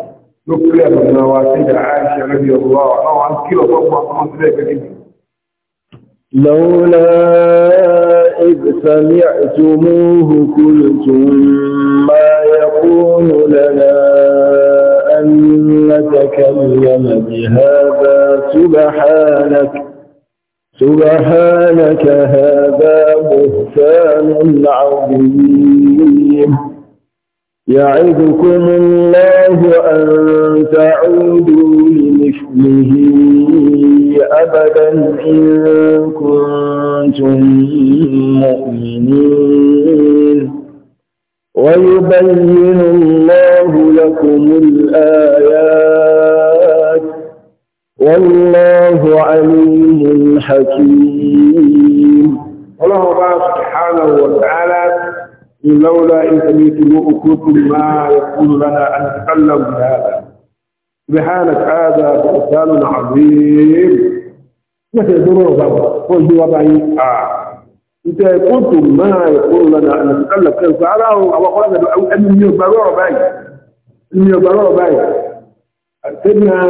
لولا إذ سمعتموه قلتم ما يكون لنا أن نتكلم بهذا سبحانك سبحانك هذا بهتان عظيم يعظكم الله أن تعودوا لمثله أبدا إن كنتم مؤمنين ويبين الله لكم الآيات والله عليم حكيم الله سبحانه وتعالى لولا إن سميتموكم ما يقول لنا أن نتكلم بهذا سبحانك هذا بهتان عظيم مثل ضرورة وجوا بعيد آه إنت قلت ما يقول لنا أن نتكلم كيف فعله أو قلنا أو أن يبرر بعيد أن يبرر بعيد سيدنا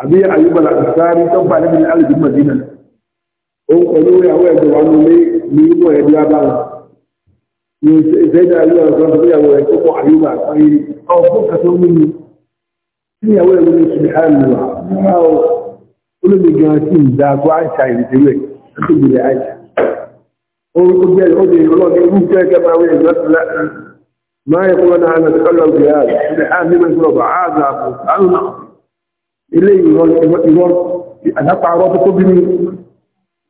أبي أيوب الأنصاري توفى نبي الألف المدينة هم قالوا يا هو يدعو عنه ليه يا هو ni ìfẹ́jà ayé ọ̀sán tó yàwó ẹ̀ tó mọ̀ àyíwà pé ọ̀fún kàtó mímu tí ìyàwó ẹ̀rọ ní ṣùgbọ́n àlùwà nígbà ó olómi gan sí ìdáàbò àṣà ìrìnsẹ̀lú tó tóbi ní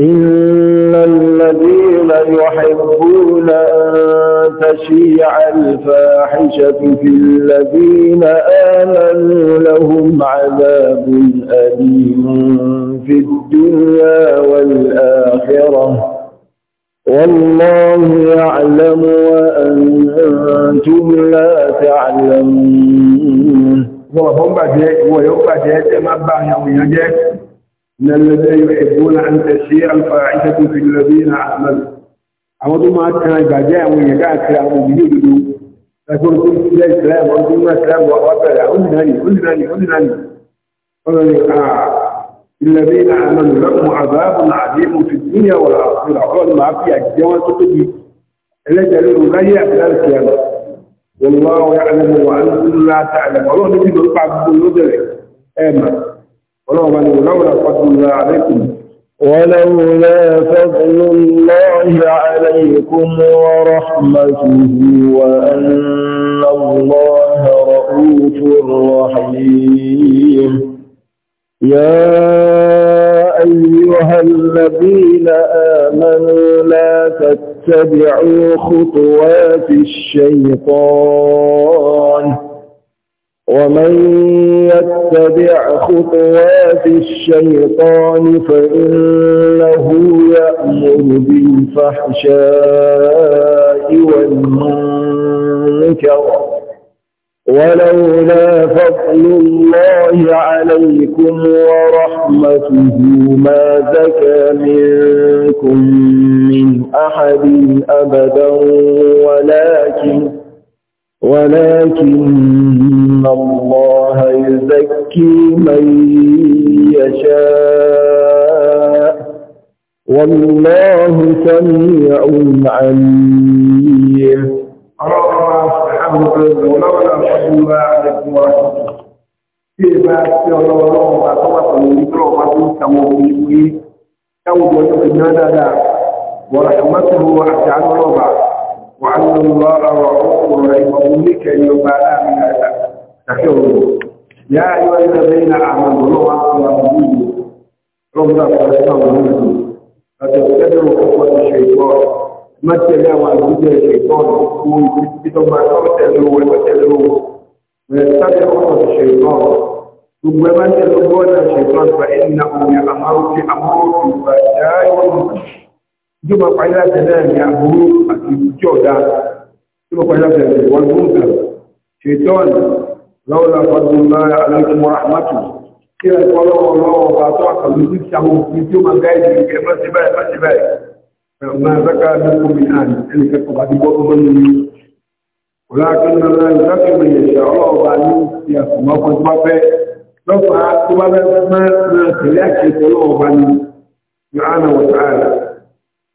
إن الذين يحبون أن تشيع الفاحشة في الذين آمنوا لهم عذاب أليم في الدنيا والآخرة والله يعلم وأنتم لا تعلمون. Wọ́n bá jẹ́ ìwọ̀ yóò bá من الذين يحبون أن تشيع الفاحشة في الذين آمنوا àwọn tó máa kan ìbàjẹ́ àwọn èèyàn káàkiri àwọn òbílẹ̀ òdodo ẹgbẹ́ tó ń jẹ́ ìsìláàmù ọdún tó ń máa ìsìláàmù wà bẹ̀rẹ̀ òdìdánì òdìdánì òdìdánì ọ̀rọ̀ ni a ìlẹ̀bí ìlànà lọ́pọ̀ àbáàbùn àdéhùn fi níyà wà àfihàn ọ̀rọ̀ ni máa fi àjẹ́ wọn tó tóbi ẹlẹ́jẹ̀ lóru láyé àbíláàrí kìíyàmù wọn lọ́wọ́ yà ولولا فضل الله عليكم ورحمته وأن الله رؤوف رحيم يا أيها الذين آمنوا لا تتبعوا خطوات الشيطان ومن يتبع خطوات الشيطان فإنه يأمر بالفحشاء والمنكر ولولا فضل الله عليكم ورحمته ما زكى منكم من أحد أبدا ولكن ولكن الله يزكي من يشاء والله سميع عليم قال الله سبحانه وتعالى ولولا الحمد لله على الكواكب في ما يرون وما تواصلوا بكم وما تواصلوا بكم ورحمته وعزه الله وأن الله رؤوف رحيم أمك يوم من تكفروا يا أيها الذين آمنوا لو أنتم ربنا فاستغفروا فتتبعوا خطوة الشيطان ما تلاوى الهدى الشيطان ويكتبوا ما تلوه وتلوه ويتبع خطوة الشيطان ثم من تلوون الشيطان فإنه يأمرك أمرك فجاء والمشي جو ما قيلا تنام يا بروك أتجودا جو ما قيلا تنام والمنكر شيطان لولا فضل الله عليكم ورحمته كلا قالوا الله وبعثوا قلوبك سهم في يوم الجاي ما سباي ما سباي ما ذكر منكم من آن اللي كتب عدوكم من ولكن الله يذكر من يشاء الله وبعدين يقوم أقول ما في لو فعلت ما ما ما خلاك يقول الله وبعدين سبحانه وتعالى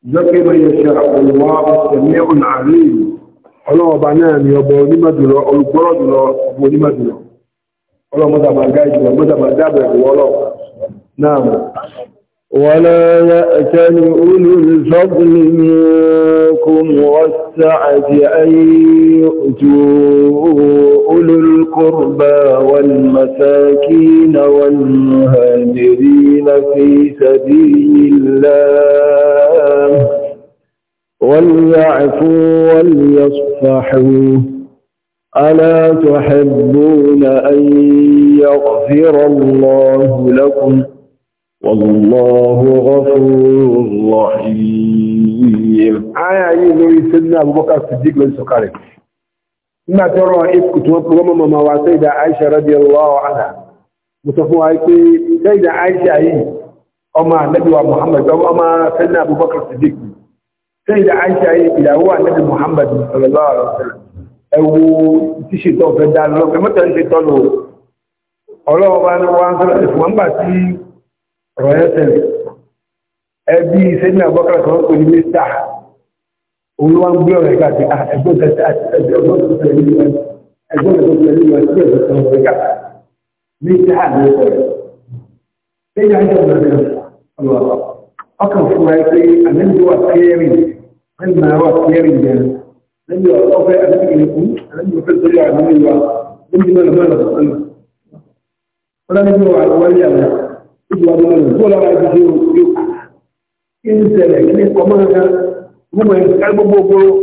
ذكي من يشاء الله السميع العليم ọlọ́wọ́ bá náà ni ọbọ̀ onímọ̀dúnlọ olùgbọ́rọ̀ jùlọ ọbọ̀ onímọ̀dúnlọ ọlọ́mọdàbà gáì jùlọ mọ́dàbà dábẹ̀ ìwọ́lọ̀ náà wọ́n láyá ẹ̀kẹ́ni olùrìsọ́gbìnì منكم والسعة أن يؤتوا أولو القربى والمساكين والمهاجرين في سبيل الله وليعفوا وليصفحوا ألا تحبون أن يغفر الله لكم والله غفور رحيم آية يقول سيدنا أبو بكر الصديق لن سكارك ما ترى إفك توقف وما وسيدة عائشة رضي الله عنها متفوها سيدة عائشة هي أما النبي محمد أو أما سيدنا أبو بكر الصديق sẹ́yìn àìṣà ìyàwó ànábì Muhammad sallallahu alaihi wasallam ẹwu tíṣe tó fẹ́ dá lọ fẹ́ mọ́tò ń ṣe tọ́lù ọlọ́wọ́ bá ní wọ́n sọ́rọ̀ ẹ̀fọ́ ń gbà sí ọ̀rọ̀ ẹ̀sẹ̀ ẹbí sẹ́yìn àbọ́kàrà tó ń pè ní mísà òun wá ń gbé ọ̀rọ̀ ẹ̀ka sí ẹgbẹ́ tẹ̀sẹ̀ àti ẹgbẹ́ tó tẹ̀lé ìwé ẹgbẹ́ tó tẹ̀lé ìwé sí ẹgbẹ́ tó tẹ̀lé ìwé mísà àti ẹgbẹ́ sẹ́yìn àìṣà ọ̀rọ̀ ọkàn fún ẹ pé àmì أما هو خيار الجنة لم يوقف أنك لكم لم يفرد الله عن الله لم يمال ما نفسه ولا نجوع على ولي الله إجوى مالا ولا رأي بجيو إنسى لكن قمانا هم يسألوا بوبو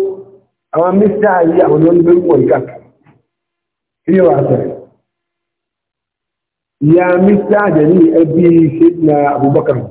أما مستعى يعملون بالمولكات كيف يوعى يا مستعى جميع أبي سيدنا أبو بكر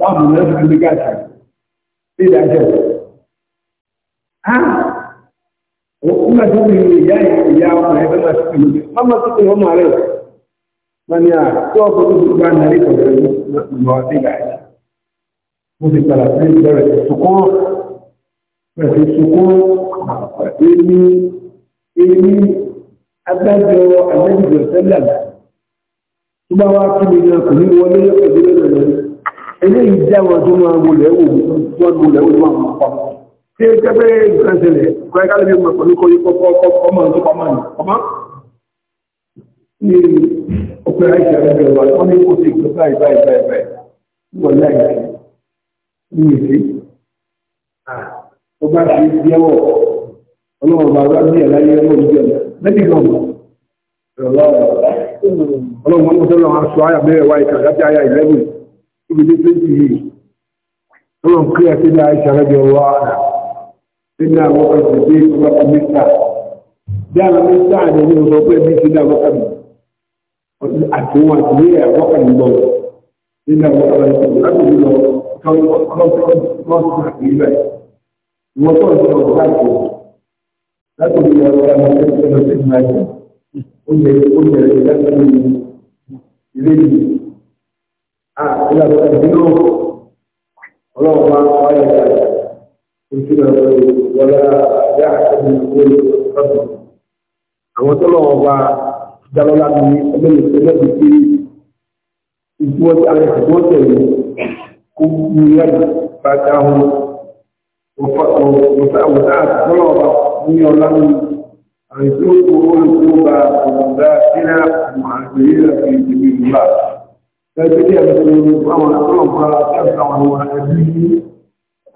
báwo ni wọ́n ti gbé gàtà sí ìdájọ́ ha òun máa tún bìí ìyá ìyá ọmọ ẹgbẹ́ máa tún bìí lókè wọ́n máa tún bìí ọmọ rẹ̀ wọ́n ni à tó ọkọ̀ tó gbogbo ànárí pẹ̀lú ìmọ̀ ọtí gàtà mo ti padà sí ìbẹ̀rẹ̀ sùkún pẹ̀lú sùkún èmi èmi agbájọ àgbẹ̀dìbò sẹ́lẹ̀ tó bá wá kí mi ní ọkùnrin wọlé yọ̀kọ̀ eléyìí jáwọ́ tó máa wọlẹ̀ wò wọ́n wọlẹ̀ wò máa mọ̀ pọ̀ tí ó jẹ́ pé nǹkan ṣẹlẹ̀ kọ́ ẹ̀ká lóbi mọ̀ pẹ̀lú kọ́yí ọmọ tó pamọ́ ní ọmọ ní ọpẹ́ àìsàn ẹgbẹ́ wa wọ́n ní kó sí ìgbẹ́ báyìí báyìí báyìí báyìí wọ́n láì ní ìsí ó bá ṣe jẹ́wọ́ ọlọ́run bá wá bí ẹ̀láyé ọlọ́run jẹ́ mẹ́bí gan ọlọ́run wọn mú sọ́lọ́run aṣọ àyàmẹ́rẹ̀ wáyé kàdájá àyà 11 ibi tó ti yìí ọlọ́n kí àti ní àìṣàrẹ́bí ọwọ́ ààrẹ nínú àwọn ọ̀sẹ̀ tí ó bá mẹ́ta dáàmà mẹ́ta àjẹ́ ní ọjọ́ pé bí i sílẹ̀ àwọ́kàmì àtiwọn àti ní àwọ́kàmì lọ nínú àwọn ọ̀sẹ̀ láti lọ kọ́ọ̀tù àti ilẹ̀ ìwọ́n tó ń sọ ọ̀gá àti láti lè ọ̀rọ̀ àwọn ọ̀sẹ̀ tó ń sọ ọ̀gá àti ó yẹ ilé yìí ìlànà ìdúró ọlọ́run máa ń pa ayé ìjà ojú náà lórí wọlé àjá àtẹ́bí lórí ọ̀sán. àwọn tó lọ́wọ́ bá jalọ́lá ní ẹgbẹ́ ìpínlẹ̀ ìpínlẹ̀ ìgbọ́tí àwọn ìgbọ́tẹ̀ yìí kó ní ẹ̀dùn bá dáhùn wọ́sá àtọ́lọ́wọ́ bá ní ọlá ní àìsí Gẹ́gẹ́ ẹ̀sùn àwọn akọ́lọ̀pọ̀ àti àwọn ẹbí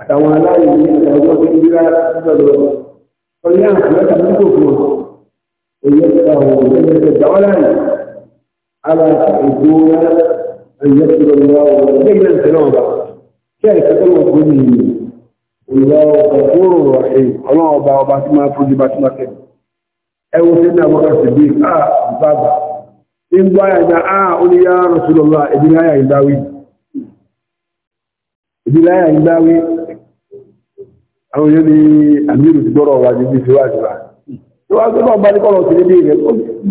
àtàwọn aláìní àtàwọn tó ń gbé látọ̀lọ́. Ó ní àwọn àmẹ́ta ní kò fún òye àwọn òṣèlú ìdáwọ́ láàyè. Ara ìgbó ẹ̀yẹ ti lọ lọ ọ̀rọ̀ ní ilé ìtẹ́ náà bá. Kí àìsàn tó wọ̀ fún in baya da a wani ya rasulullah ibi na yayin dawi ibi na yayin dawi àwọn yóò ní àmìrù ti gbọ́rọ̀ wà ní ìfẹ́ wà jùlọ tó wá gbọ́dọ̀ bá ní kọ́lọ̀ sí lédè rẹ̀ ó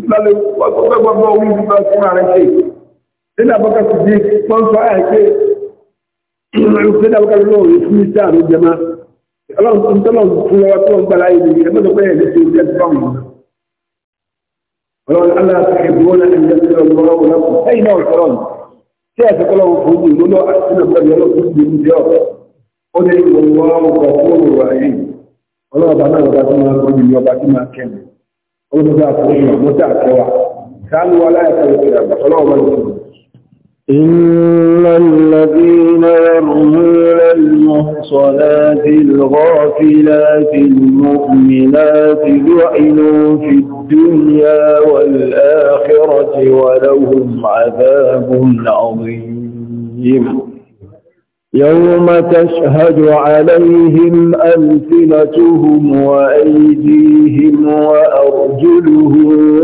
lálẹ́ wọ́n tó fẹ́ gbọ́dọ̀ orí ìgbà sí ara rẹ̀ ṣe nínú àbọ́kà sì di pọ́ńsọ àyà pé nínú àbọ́kà sí lóòrè fún iṣẹ́ àrùn jẹma ọlọ́run tó lọ́n fún wa tó ń gbà láyé nìyí ẹgbẹ́ tó pẹ́ ẹ̀ ولو الا تحبون ان يغفر الله لكم اي نوع حرام سياسه كلها وفوضي يقولوا احسن من يرى فوضي من ديار قل ان الله غفور رحيم ولو بعدنا بعد ما نقول من يوم بعد ما كان ولو بعد ما متع سواء كان ولا يكون كلام ولو بعد إن الذين يرمون المحصنات الغافلات المؤمنات لعنوا في الدنيا والآخرة ولهم عذاب عظيم يوم تشهد عليهم ألسنتهم وأيديهم وأرجلهم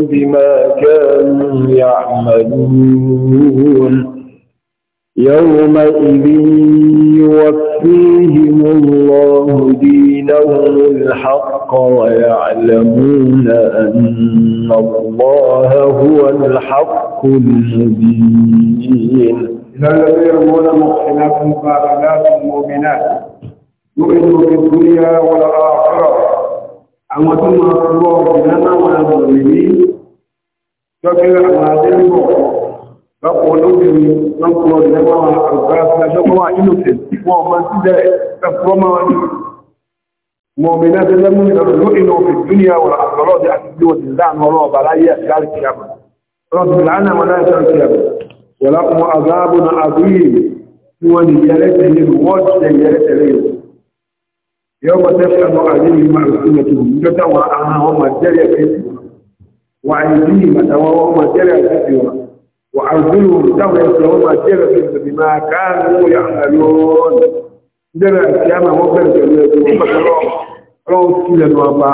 بما كانوا يعملون يومئذ يوفيهم الله دينهم الحق ويعلمون أن الله هو الحق المبين إلى لم يرون مؤمنات مقابلات مؤمنات يؤمنوا الدنيا والآخرة أما ثم أرضوا بنا والمؤمنين شكرا ما ذنبوا فقلوا بنا والأرضات لشكرا إنسان وما سيدا فقلوا مؤمنات لم يلعنوا في الدنيا والآخرة يعتدون اللعن والله بلايا قال الكيامة رب العنا مناسع الكيامة ولهم عذاب عظيم ونجلت للوجه يجلت ليه يوم تشهد عليهم ألسنتهم يتوى أنهم الجري كثيرا وأيديهم أتواهم الجري كثيرا وأرجلهم تولى يوم الجري بما كانوا يعملون jẹ́rẹ̀ àti àmà wọ́n bẹ̀rẹ̀ pẹ̀lú ẹgbẹ̀ pẹ̀lú ọlọ́run sí lẹ́nu àpá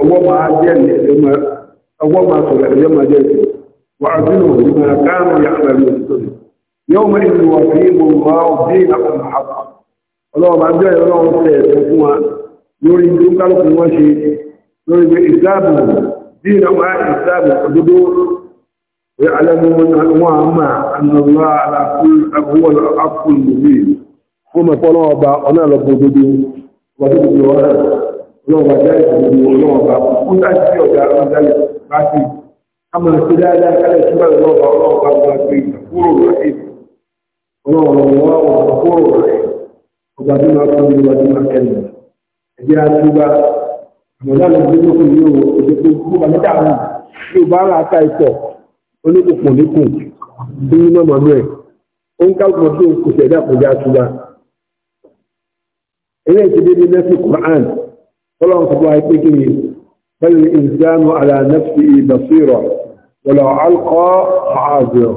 ọwọ́ máa jẹ́ ọwọ́ máa sọ̀rọ̀ ẹ̀yẹ́ máa jẹ́ ẹ̀sẹ̀ wà á dínà ìgbà káàmù yà àmà ló ti yóò mọ ìlú wà sí ìmọ̀ wà ó àwọn àpá ọlọ́run máa jẹ́ ọlọ́run tẹ̀ fún wa lórí kálukú kó mọ̀ pọ́ lọ́wọ́ ọba ọ̀nà àlọ́gbọ̀n òdodo wọ́n tó ti wọ́n lọ́wọ́ ọjà ìṣòro lọ́wọ́ ọba ó ń dájú sí ọjà ọ̀dàlẹ̀ bá sí àmọ̀ sí dáadáa kálẹ̀ sí báyìí lọ́wọ́ ọba ọlọ́wọ́ ọba gba pé ìtàkùrọ̀ rẹ̀ ọlọ́wọ́ ọlọ́wọ́ ọ̀tàkùrọ̀ rẹ̀ ọba tó máa fún mi wájú máa kẹ́lẹ̀ ẹ̀jẹ̀ àtúbà àmọ̀dá ló dé lókè ní òwò òdòdó kó bá níta mú yóò bá ara ta ìtọ̀ oníkùnkùn níkùn bí nọ́mọ̀ náà ó ń kálukọ̀ tó kò sẹ̀dá kò já àtúbà ilé ìtìdé ní nẹ́fì Qur'an tọ́lọ́n tó bá ipé kí ni bẹ́lú ìsánú alánẹ́fì ìbàṣírọ̀ wọ̀lọ̀ alkọ́ ààzọ̀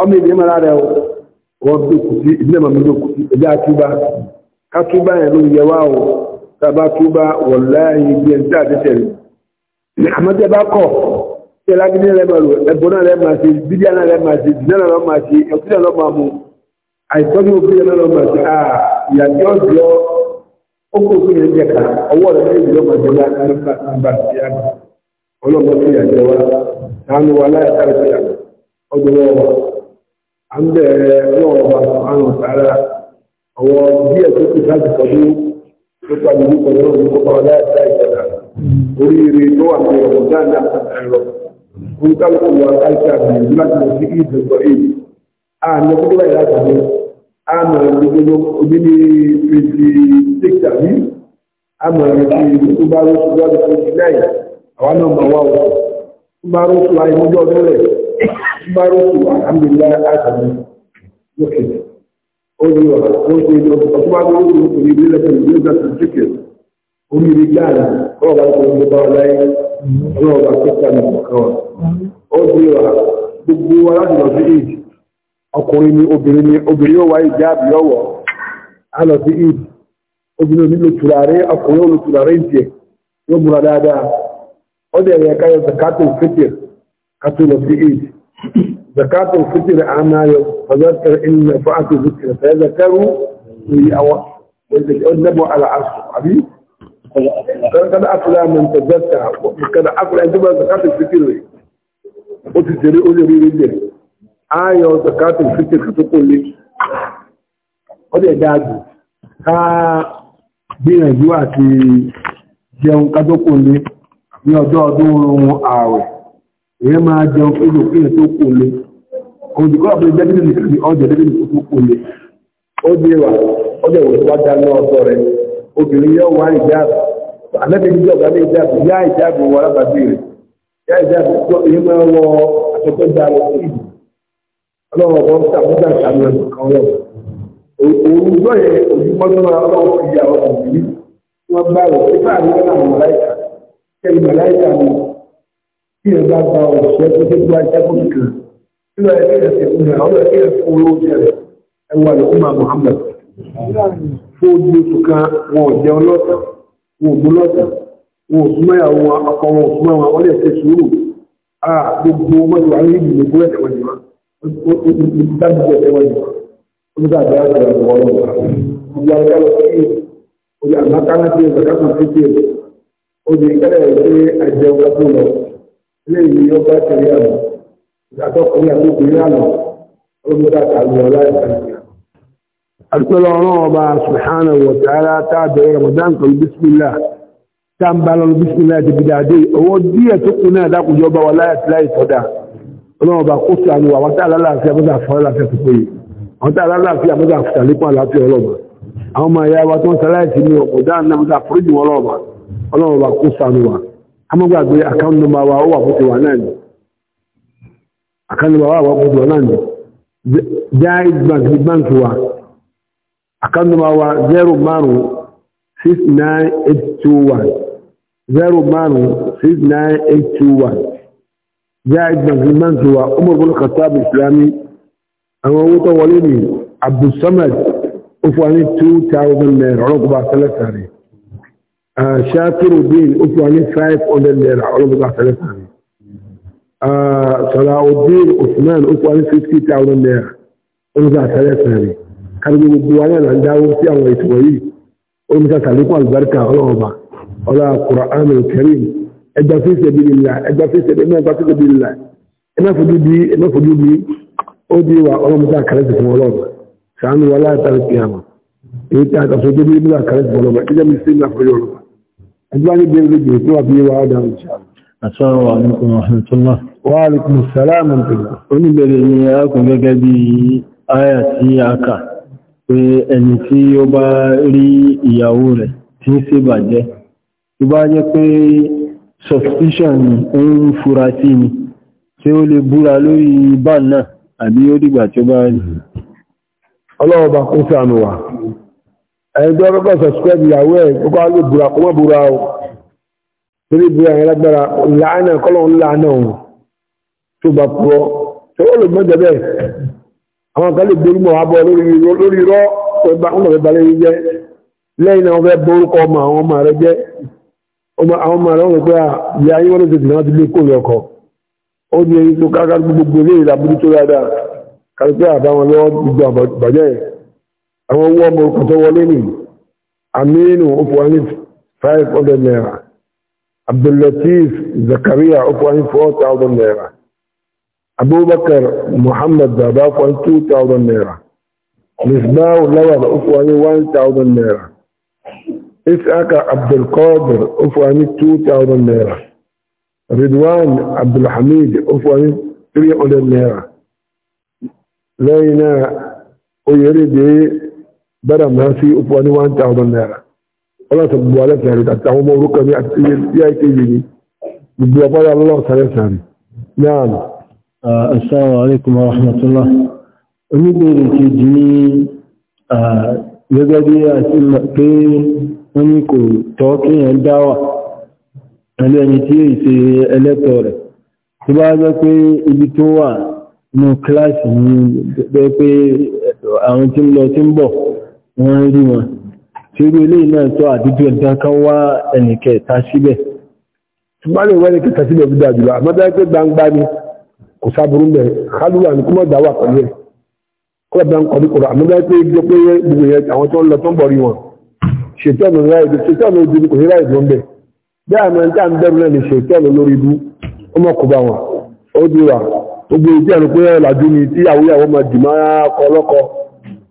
ọmọ ìdí mara rẹ̀ wọ́n tó kù sí ìdílé màmí tó kù sí ẹjá túbá ká túbá yẹn ló yẹ wá o tàbá túbá wọ̀láyé bí ẹni tí a ti tẹ̀lé àmọ́ tẹ bá kọ̀ tí ẹ lágbídé rẹ̀ máa lò náà rẹ̀ máa ṣe bídíà náà rẹ̀ máa ṣe dìnnà náà máa ṣe ẹ̀kúnlẹ̀ náà máa mú àìsọ́jú ó kó fún yẹn jẹ ká ọwọ́ rẹ̀ ní ìlú ọmọdé bá nípa nígbà tí a bọ̀ ọlọ́mọ fi àjẹ wa láàánú wa láì sáré fi àjẹ ọdún wa à ń bẹ̀rẹ̀ ọlọ́wọ́ wa àrùn sára ọwọ́ díẹ̀ tó kù láti tọ́jú tó pa ìlú pẹ̀lú ọdún tó pa ọ láì sáré ìjọba oríire tó wà ní ọmọ dáadáa ẹ̀rọ oníkálukú wa káìsí àbẹ̀yẹ̀ láti lọ sí ìdìbò èyí àná kókó báyìí láti àmọ̀ ìgbogbo omi ní twenty six àbí àmọ̀ ìgbogbo tó bá rọ́ṣù lọ́dún twenty nine àwa náà mọ̀ wá oṣù tó bá rọ́ṣù àìmọ́jọ́ ọdún rẹ̀ tó bá rọ́ṣù àhàmìlá àtàmì lókè ó ní ọ̀rọ̀ tó ṣe ní ọdún tó bá rọ́ṣù òní ìlú ilẹ̀ pẹ̀lú ìlú ìgbàsọ̀ jíkè omi ní gáàlì ọ̀rọ̀ bá tó ń ọkùnrin ni obìnrin ni obìnrin yóò wáyé jáàbì lọ́wọ́ a lọ sí id obìnrin nílò tùràrí ọkùnrin olù tùràrí ìjẹ yóò múra dáadáa ó dẹ̀ yẹ ká yọ zakatul fitr ká tó lọ sí id zakatul fitr a máa yọ fazakar ilẹ̀ fún àti zikir fẹ́ zakaru ní àwọn ọdẹ́bọ̀ al'asu àbí kada afula min tazakka kada afula ẹjọba zakatul fitr rẹ̀ ó ti tẹ̀lé ó lè rí rí jẹ̀rẹ̀ ayọ zakato fitr kàtókò lé ó dẹ̀ dáadù ká gbìyànjú àti jẹun kàtókò lé ní ọjọ́ ọdún oorun ààwẹ̀ èyẹ máa jẹun pẹ́lú tó kò lé òjìkọ́ àpẹẹrẹ jẹ́bí nìkan ní ọjọ́ tó kò lé ó di ẹwà ọjọ́ obìnrin yóò wá ìjáàbù ọ̀gá ní ìjáàbù yá ìjáàbù rẹ̀ yá ìjáàbù ọlọ́run ọ̀pọ̀ ń sàmúdà sàmì ẹ̀dùn kan lọ. Òwúrọ̀ yẹn ojúmọ́tún ọlọ́run fi yà ọ̀rọ̀ yìí wọ́n gbá rẹ̀ ni kí ẹ bá gba òṣìṣẹ́ tó tó gba iṣẹ́ fún nìkan nínú ẹ̀ kí ẹ sì fún ẹ ọ̀rọ̀ kí ẹ fún olóúnjẹ rẹ̀ ẹ wà lókùn máa Muhammad. Fún ojú oṣù kan wọn ò jẹun lọ́sàn wọn ò mú lọ́sàn wọn ò súnmọ́ ìyàwó wọn akọ wọn ò súnmọ́ wọn wọ́n lè ṣe sùúrù. Ah, gbogbo wọn wà ní ìdìbò ẹ̀sẹ̀ wọn ìtàbí ẹ̀fẹ́ wọn yìí olùkọ́ àgbà àgbà ọ̀rọ̀ ọ̀rọ̀ ìyá ọ̀gá lọ sí oyè àmàkánná sí ẹ̀fẹ́ kákan sí sí ẹ̀ oyè ìkẹ́lẹ̀ ẹ̀fẹ́ àjẹ ọ̀gá tó lọ ilé ìwé ọba tẹ̀lé àná ìgbàgbọ́ ọ̀rẹ́ àti obìnrin àná olùkọ́ àtàlù ọ̀rọ̀ àìsàn Àtúntò ọlọ́run ọba subhanahu wa ta'ala tábẹ̀ Ramadan pẹ̀lú bísímìlá tá ń bá lọ́nu bísímìlá ti fi dáadé owó díẹ̀ tó kù náà dákùnjọba wa láyàtí láì tọ́da ọlọ́run bá kó sí àwọn àwọn tá àlàáfíà mọ́tà fún àlàáfíà tó péye àwọn tá àlàáfíà mọ́tà fún àlékún àlàáfíà ọlọ́run àwọn ọmọ ẹ̀yà wa tó ń sẹ́láìsì ní ọkọ̀ dáhùn náà mọ́tà fúrúdì wọn ọlọ́run ọlọ́run bá kó sànù wa amọ́gbàgbé àkáǹtì nọ́mbà wa ó wà fún tiwa náà ni àkáǹtì nọ́mbà wa wà fún tiwa náà ni Jaiz bank ní báńkì wa àkáǹtì nọ́mbà wa zero márùn six nine eight two one zero márùn six nine eight two one. زائد بن سلمان هو عمر بن الخطاب الإسلامي أما هو طوليني عبد الصمد أفواني 2000 ليرة عقبة ثلاثة هاري شاكر الدين أفواني 500 ليرة عقبة ثلاثة هاري صلاح الدين عثمان أفواني 50000 ليرة عقبة ثلاثة هاري كان يقول الدواني أنا داوم في أولي تويي ومتى تعليقوا البركة على الله على القرآن الكريم ẹgbà fi ṣe bíi nìlá ẹgbà fi ṣe bíi nìlá ẹgbà fi ṣe bíi nìlá ẹmẹ fojú bí ẹmẹ fojú bí ó di wa ọlọmọdé àkàrẹsì fún ọlọmọ sànù wà láàtàrí kìámà èyí tí a kà fojú bí ẹmẹ àkàrẹsì fún ọlọmọ ẹjẹ mi sí ní àfojú ọlọmọ ẹjẹ wà ní bí ẹmẹ gbèrè tí wà bí wà ọdà ọjà. Assalamu alaikum warahmatullah. Wa alaikum salam warahmatullah. Tó bá jẹ́ pé substitution ni òun fura sí ni tí ó lè búra lórí ban náà àbí ó dìgbà tí ó bá rí ọlọ́ọ̀bá kó sànù wà ẹ̀ẹ́dọ́ ọgọ́gọ́ subscribe ìyàwó ẹ̀ gbogbo aló búra kó mọ́ búra o torí búra ẹ̀ lágbára láàánà kọ́lọ̀ ńláàánà òun tó bá púrọ́ tó ó lè mọ́jọ bẹ́ẹ̀ àwọn kan lè gbórúmọ̀ abọ́ lórí rọ́ pẹ̀lú àwọn ọmọ rẹ̀ balẹ̀ jẹ́ lẹ́yìn náà wọ́n fẹ́ borúkọ ọmọ àwọn ọmọ rẹ̀ jẹ́ ọmọ àwọn ọmọ rẹ̀ wọ́n pé à bí ayé wọ́n lọ́sẹ̀ tìlẹ̀ lé kóòlù ọkọ̀ ó ní ẹni tó káàkiri gbogbo ilé ìlàbúrú tó dáadáa kàrí pé àbáwọn lọ́wọ́ gbogbo àbàjẹ́ àwọn owó ọmọ ọkọ̀ tó wọlé nì aminu ofuwani five hundred naira abdullatif zakaria ofuwani four thousand naira abubakar muhammad baba ofuwani two thousand naira misbah lawal ofuwani one thousand naira إسحاق عبد القادر أفواني 2000 ليرة رضوان عبد الحميد أفواني 300 ليرة لينا أيردي برم هاسي أفواني 1000 ليرة ولا تبوا لك يعني تتعوم ركبي يا تيجي بيقول الله سلام نعم السلام عليكم ورحمة الله oníbèrè kejì ní gẹ́gẹ́ bí a wọ́n ní kò tọ́ kí èèyàn dáwà pẹ̀lú ẹni tí èyí ṣe ẹlẹ́tọ̀ rẹ̀ tó bá jẹ́ pé ibi tó wà nínú kíláàsì ní bẹ́ pé àwọn tí ń lọ tí ń bọ̀ wọ́n rí wọn tí ó rí eléyìí náà tọ́ àdídú ẹ̀dá kan wá ẹnìkẹta síbẹ̀ tó bá lè wẹ́lẹ̀ kẹta síbẹ̀ fi dájú lọ àmọ́dá pé gbangba ni kò sáburú mẹ́ kálúwà ní kúmọ̀ dáwà pẹ̀lú ẹ̀ kọ́lá bí wọ́n kọ́ ní kòrò àmọ́dá pé gbogbo yẹn àwọn tó ń lọ tó ń bọ̀ rí wọn ṣètọ́nù ráìdù ṣètọ́nù ojúdú kò sí ráìdù ń bẹ̀ bí àmì ẹ̀ńtà ń bẹ̀rù náà lè ṣètọ́nù lórí ibú ọmọ kò bá wọn ó di wà gbogbo ìdí ẹ̀rù pé ọ̀làjú ni tí àwọn máa dì máa kọ lọ́kọ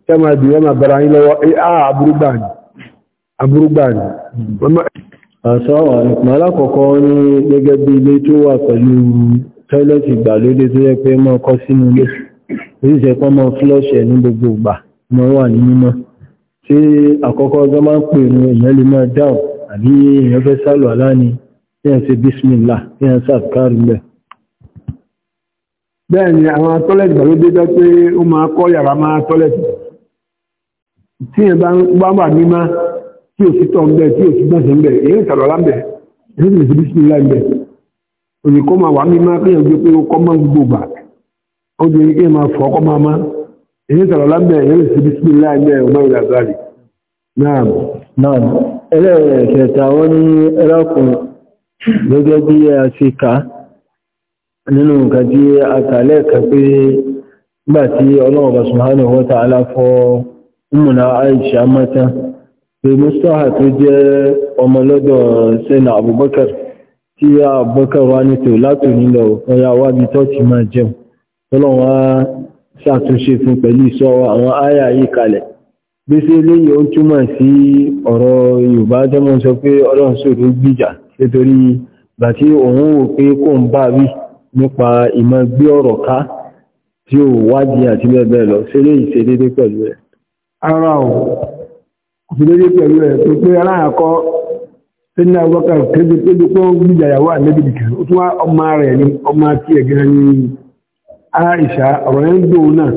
tẹ́ máa dì máa bẹ̀rẹ̀ yín lọ́wọ́ àbúrúgbà ni àbúrúgbà ni. àṣàwà alákọ̀ọ́kọ́ ní gẹ́gẹ́ bí ilé tó wà pẹ̀lú tọ́ílẹ̀tì ìgbàlódé tó ṣé àkọ́kọ́ ọjọ́ máa ń pè ní èèyàn lè máa dáhùn àbí èèyàn fẹ́ sálọ aláni ní ẹ̀ṣẹ́ bísmìlá ní ẹ̀ṣẹ́ àfikárù mẹ́ bẹ́ẹ̀ ni àwọn tọ́lẹ̀tì gbàlódé jọ pé ó máa kọ́ yàrá máa tọ́lẹ̀tì tí èèyàn bá wà mímá tí ò sí tọ̀ ń bẹ̀ tí ò sí gbọ̀nsẹ̀ ń bẹ̀ èyí ń sàlọ́lá ń bẹ̀ èyí ń sì bísmìlá ń bẹ̀ òyìnkọ́ máa wà mímá kéèyàn gbé pé ó kọ́ máa gbogbo èyí sọ̀rọ̀ lábẹ́ èyí sí bísmìlá ilẹ̀ ọmọ ìlàzàrí náà Naam ẹlẹ́ẹ̀kẹta wọ́n ní ẹlọ́kùn gẹ́gẹ́ bí a ṣe ká nínú nǹkan tí a subhanahu wa ta'ala fọ múnà Aisha mata pé mustaha tó jẹ́ ọmọ Abubakar tí Abubakar wá ní tò látò nílọ̀ ọ̀yá wábi ṣàtúnṣe fún pẹ̀lú ìsọ àwọn àyà yìí kalẹ̀. bí sí eléyìí ó túmọ̀ sí ọ̀rọ̀ Yorùbá tẹ́mọ̀ sọ pé ọlọ́run sòrò gbìjà nítorí gbà tí òun wò pé kò ń bá wí nípa ìmọ̀ gbé ọ̀rọ̀ ká tí ó wádìí àti bẹ́ẹ̀ bẹ́ẹ̀ lọ sí eléyìí ṣe pẹ̀lú rẹ̀. ara ò fi déédé pẹ̀lú rẹ̀ tó pé aláàkọ́ sínú àwọn ọkọ̀ kéde pé ó gbìjà ìyàwó àlébìdìkì ó tún wá ọmọ rẹ̀ ni ọmọ tí ẹ̀gẹ́ ni aisha ọ̀rọ̀ yẹn dùn náà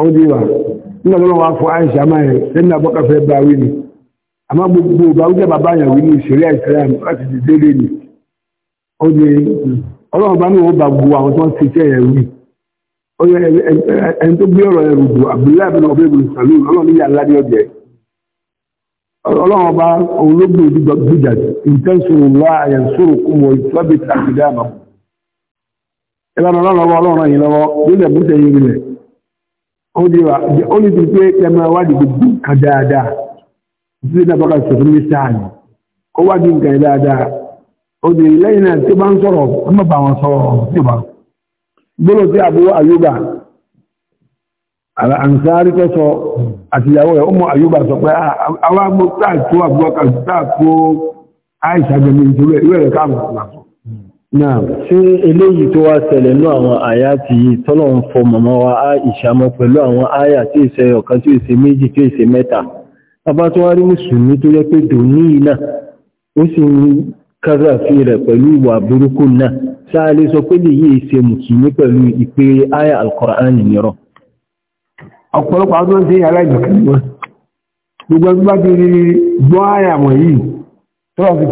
ó di wa nígbà tó wà fún aisha máa yẹn lẹ́nu abọ́kà fẹ́ bá wí ni àmọ́ gbogbo báwí jẹ́ bàbá yẹn wí ní ìṣẹ̀rí islam láti ti délé ni ó di ọlọ́run bá ní wọn bá gbogbo àwọn tó ń ṣe iṣẹ́ yẹn wí ó yẹ ẹni tó gbé ọ̀rọ̀ yẹn rùdù abdullahi bin ọbẹ̀ ibùdó sàlù ọlọ́run ní ọ̀dẹ̀ ọlọ́run ọba ebe ọlọ́rọ̀ ọlọ́rọ̀ yìí lọ́wọ́ nílẹ̀ múṣẹ̀ yìí rẹ̀ ó ní wà ó ní ti pé ẹmọ wádìí gbogbo nǹkan dáadáa títí ní nǹkan dáadáa ó lẹ́yìn náà tí bá ń sọ̀rọ̀ wọn gbọ́dọ̀ sí àbúrò àyùbá tó sọ àtìyàwó rẹ̀ àyùbá sọ pé ah, náà ṣe eléyìí tó wá ṣẹlẹ̀ ní àwọn àyá ti yìí tọ́lọ̀ ń fọ mọ̀mọ́ wa á ìṣàmọ́ pẹ̀lú àwọn àyà tí ìṣẹ́ ọ̀kan tí ìṣẹ́ méjì tí ìṣẹ́ mẹ́ta bàbá tó wá rí mùsùlùmí tó yẹ pé dòní náà ó sì ń kára fi rẹ̀ pẹ̀lú ìwà burúkú náà sáà lè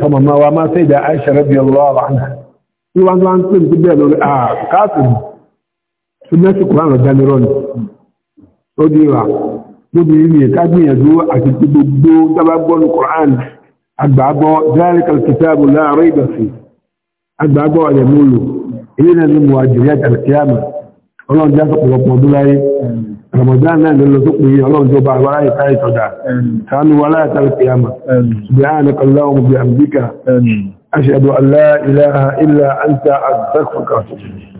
sọ máa wá máa ṣe ìdá Aisha radiyallahu anha tí wọ́n wá ń pè ní bẹ́ẹ̀ lórí àkáàtùn ah, tí mẹ́sìkò ránà jẹ́lẹ́rọ́ ni ó dé wà lóbi ní ìkágbìyànjú àti tí gbogbo dábàgbọ́nù Qur'an àgbàgbọ́ zalikal kitabu la rayba fi àyẹ̀múlò ilé náà ní mo àjòyà kàlùkìyàmù ọlọ́run já Ramadan náà ló lọ tó pé bá wá láyé táyé tọ́jà sánú wá láyé kàlùkìyàmù subhanaka أشهد أن لا إله إلا أنت أستغفرك وأتوب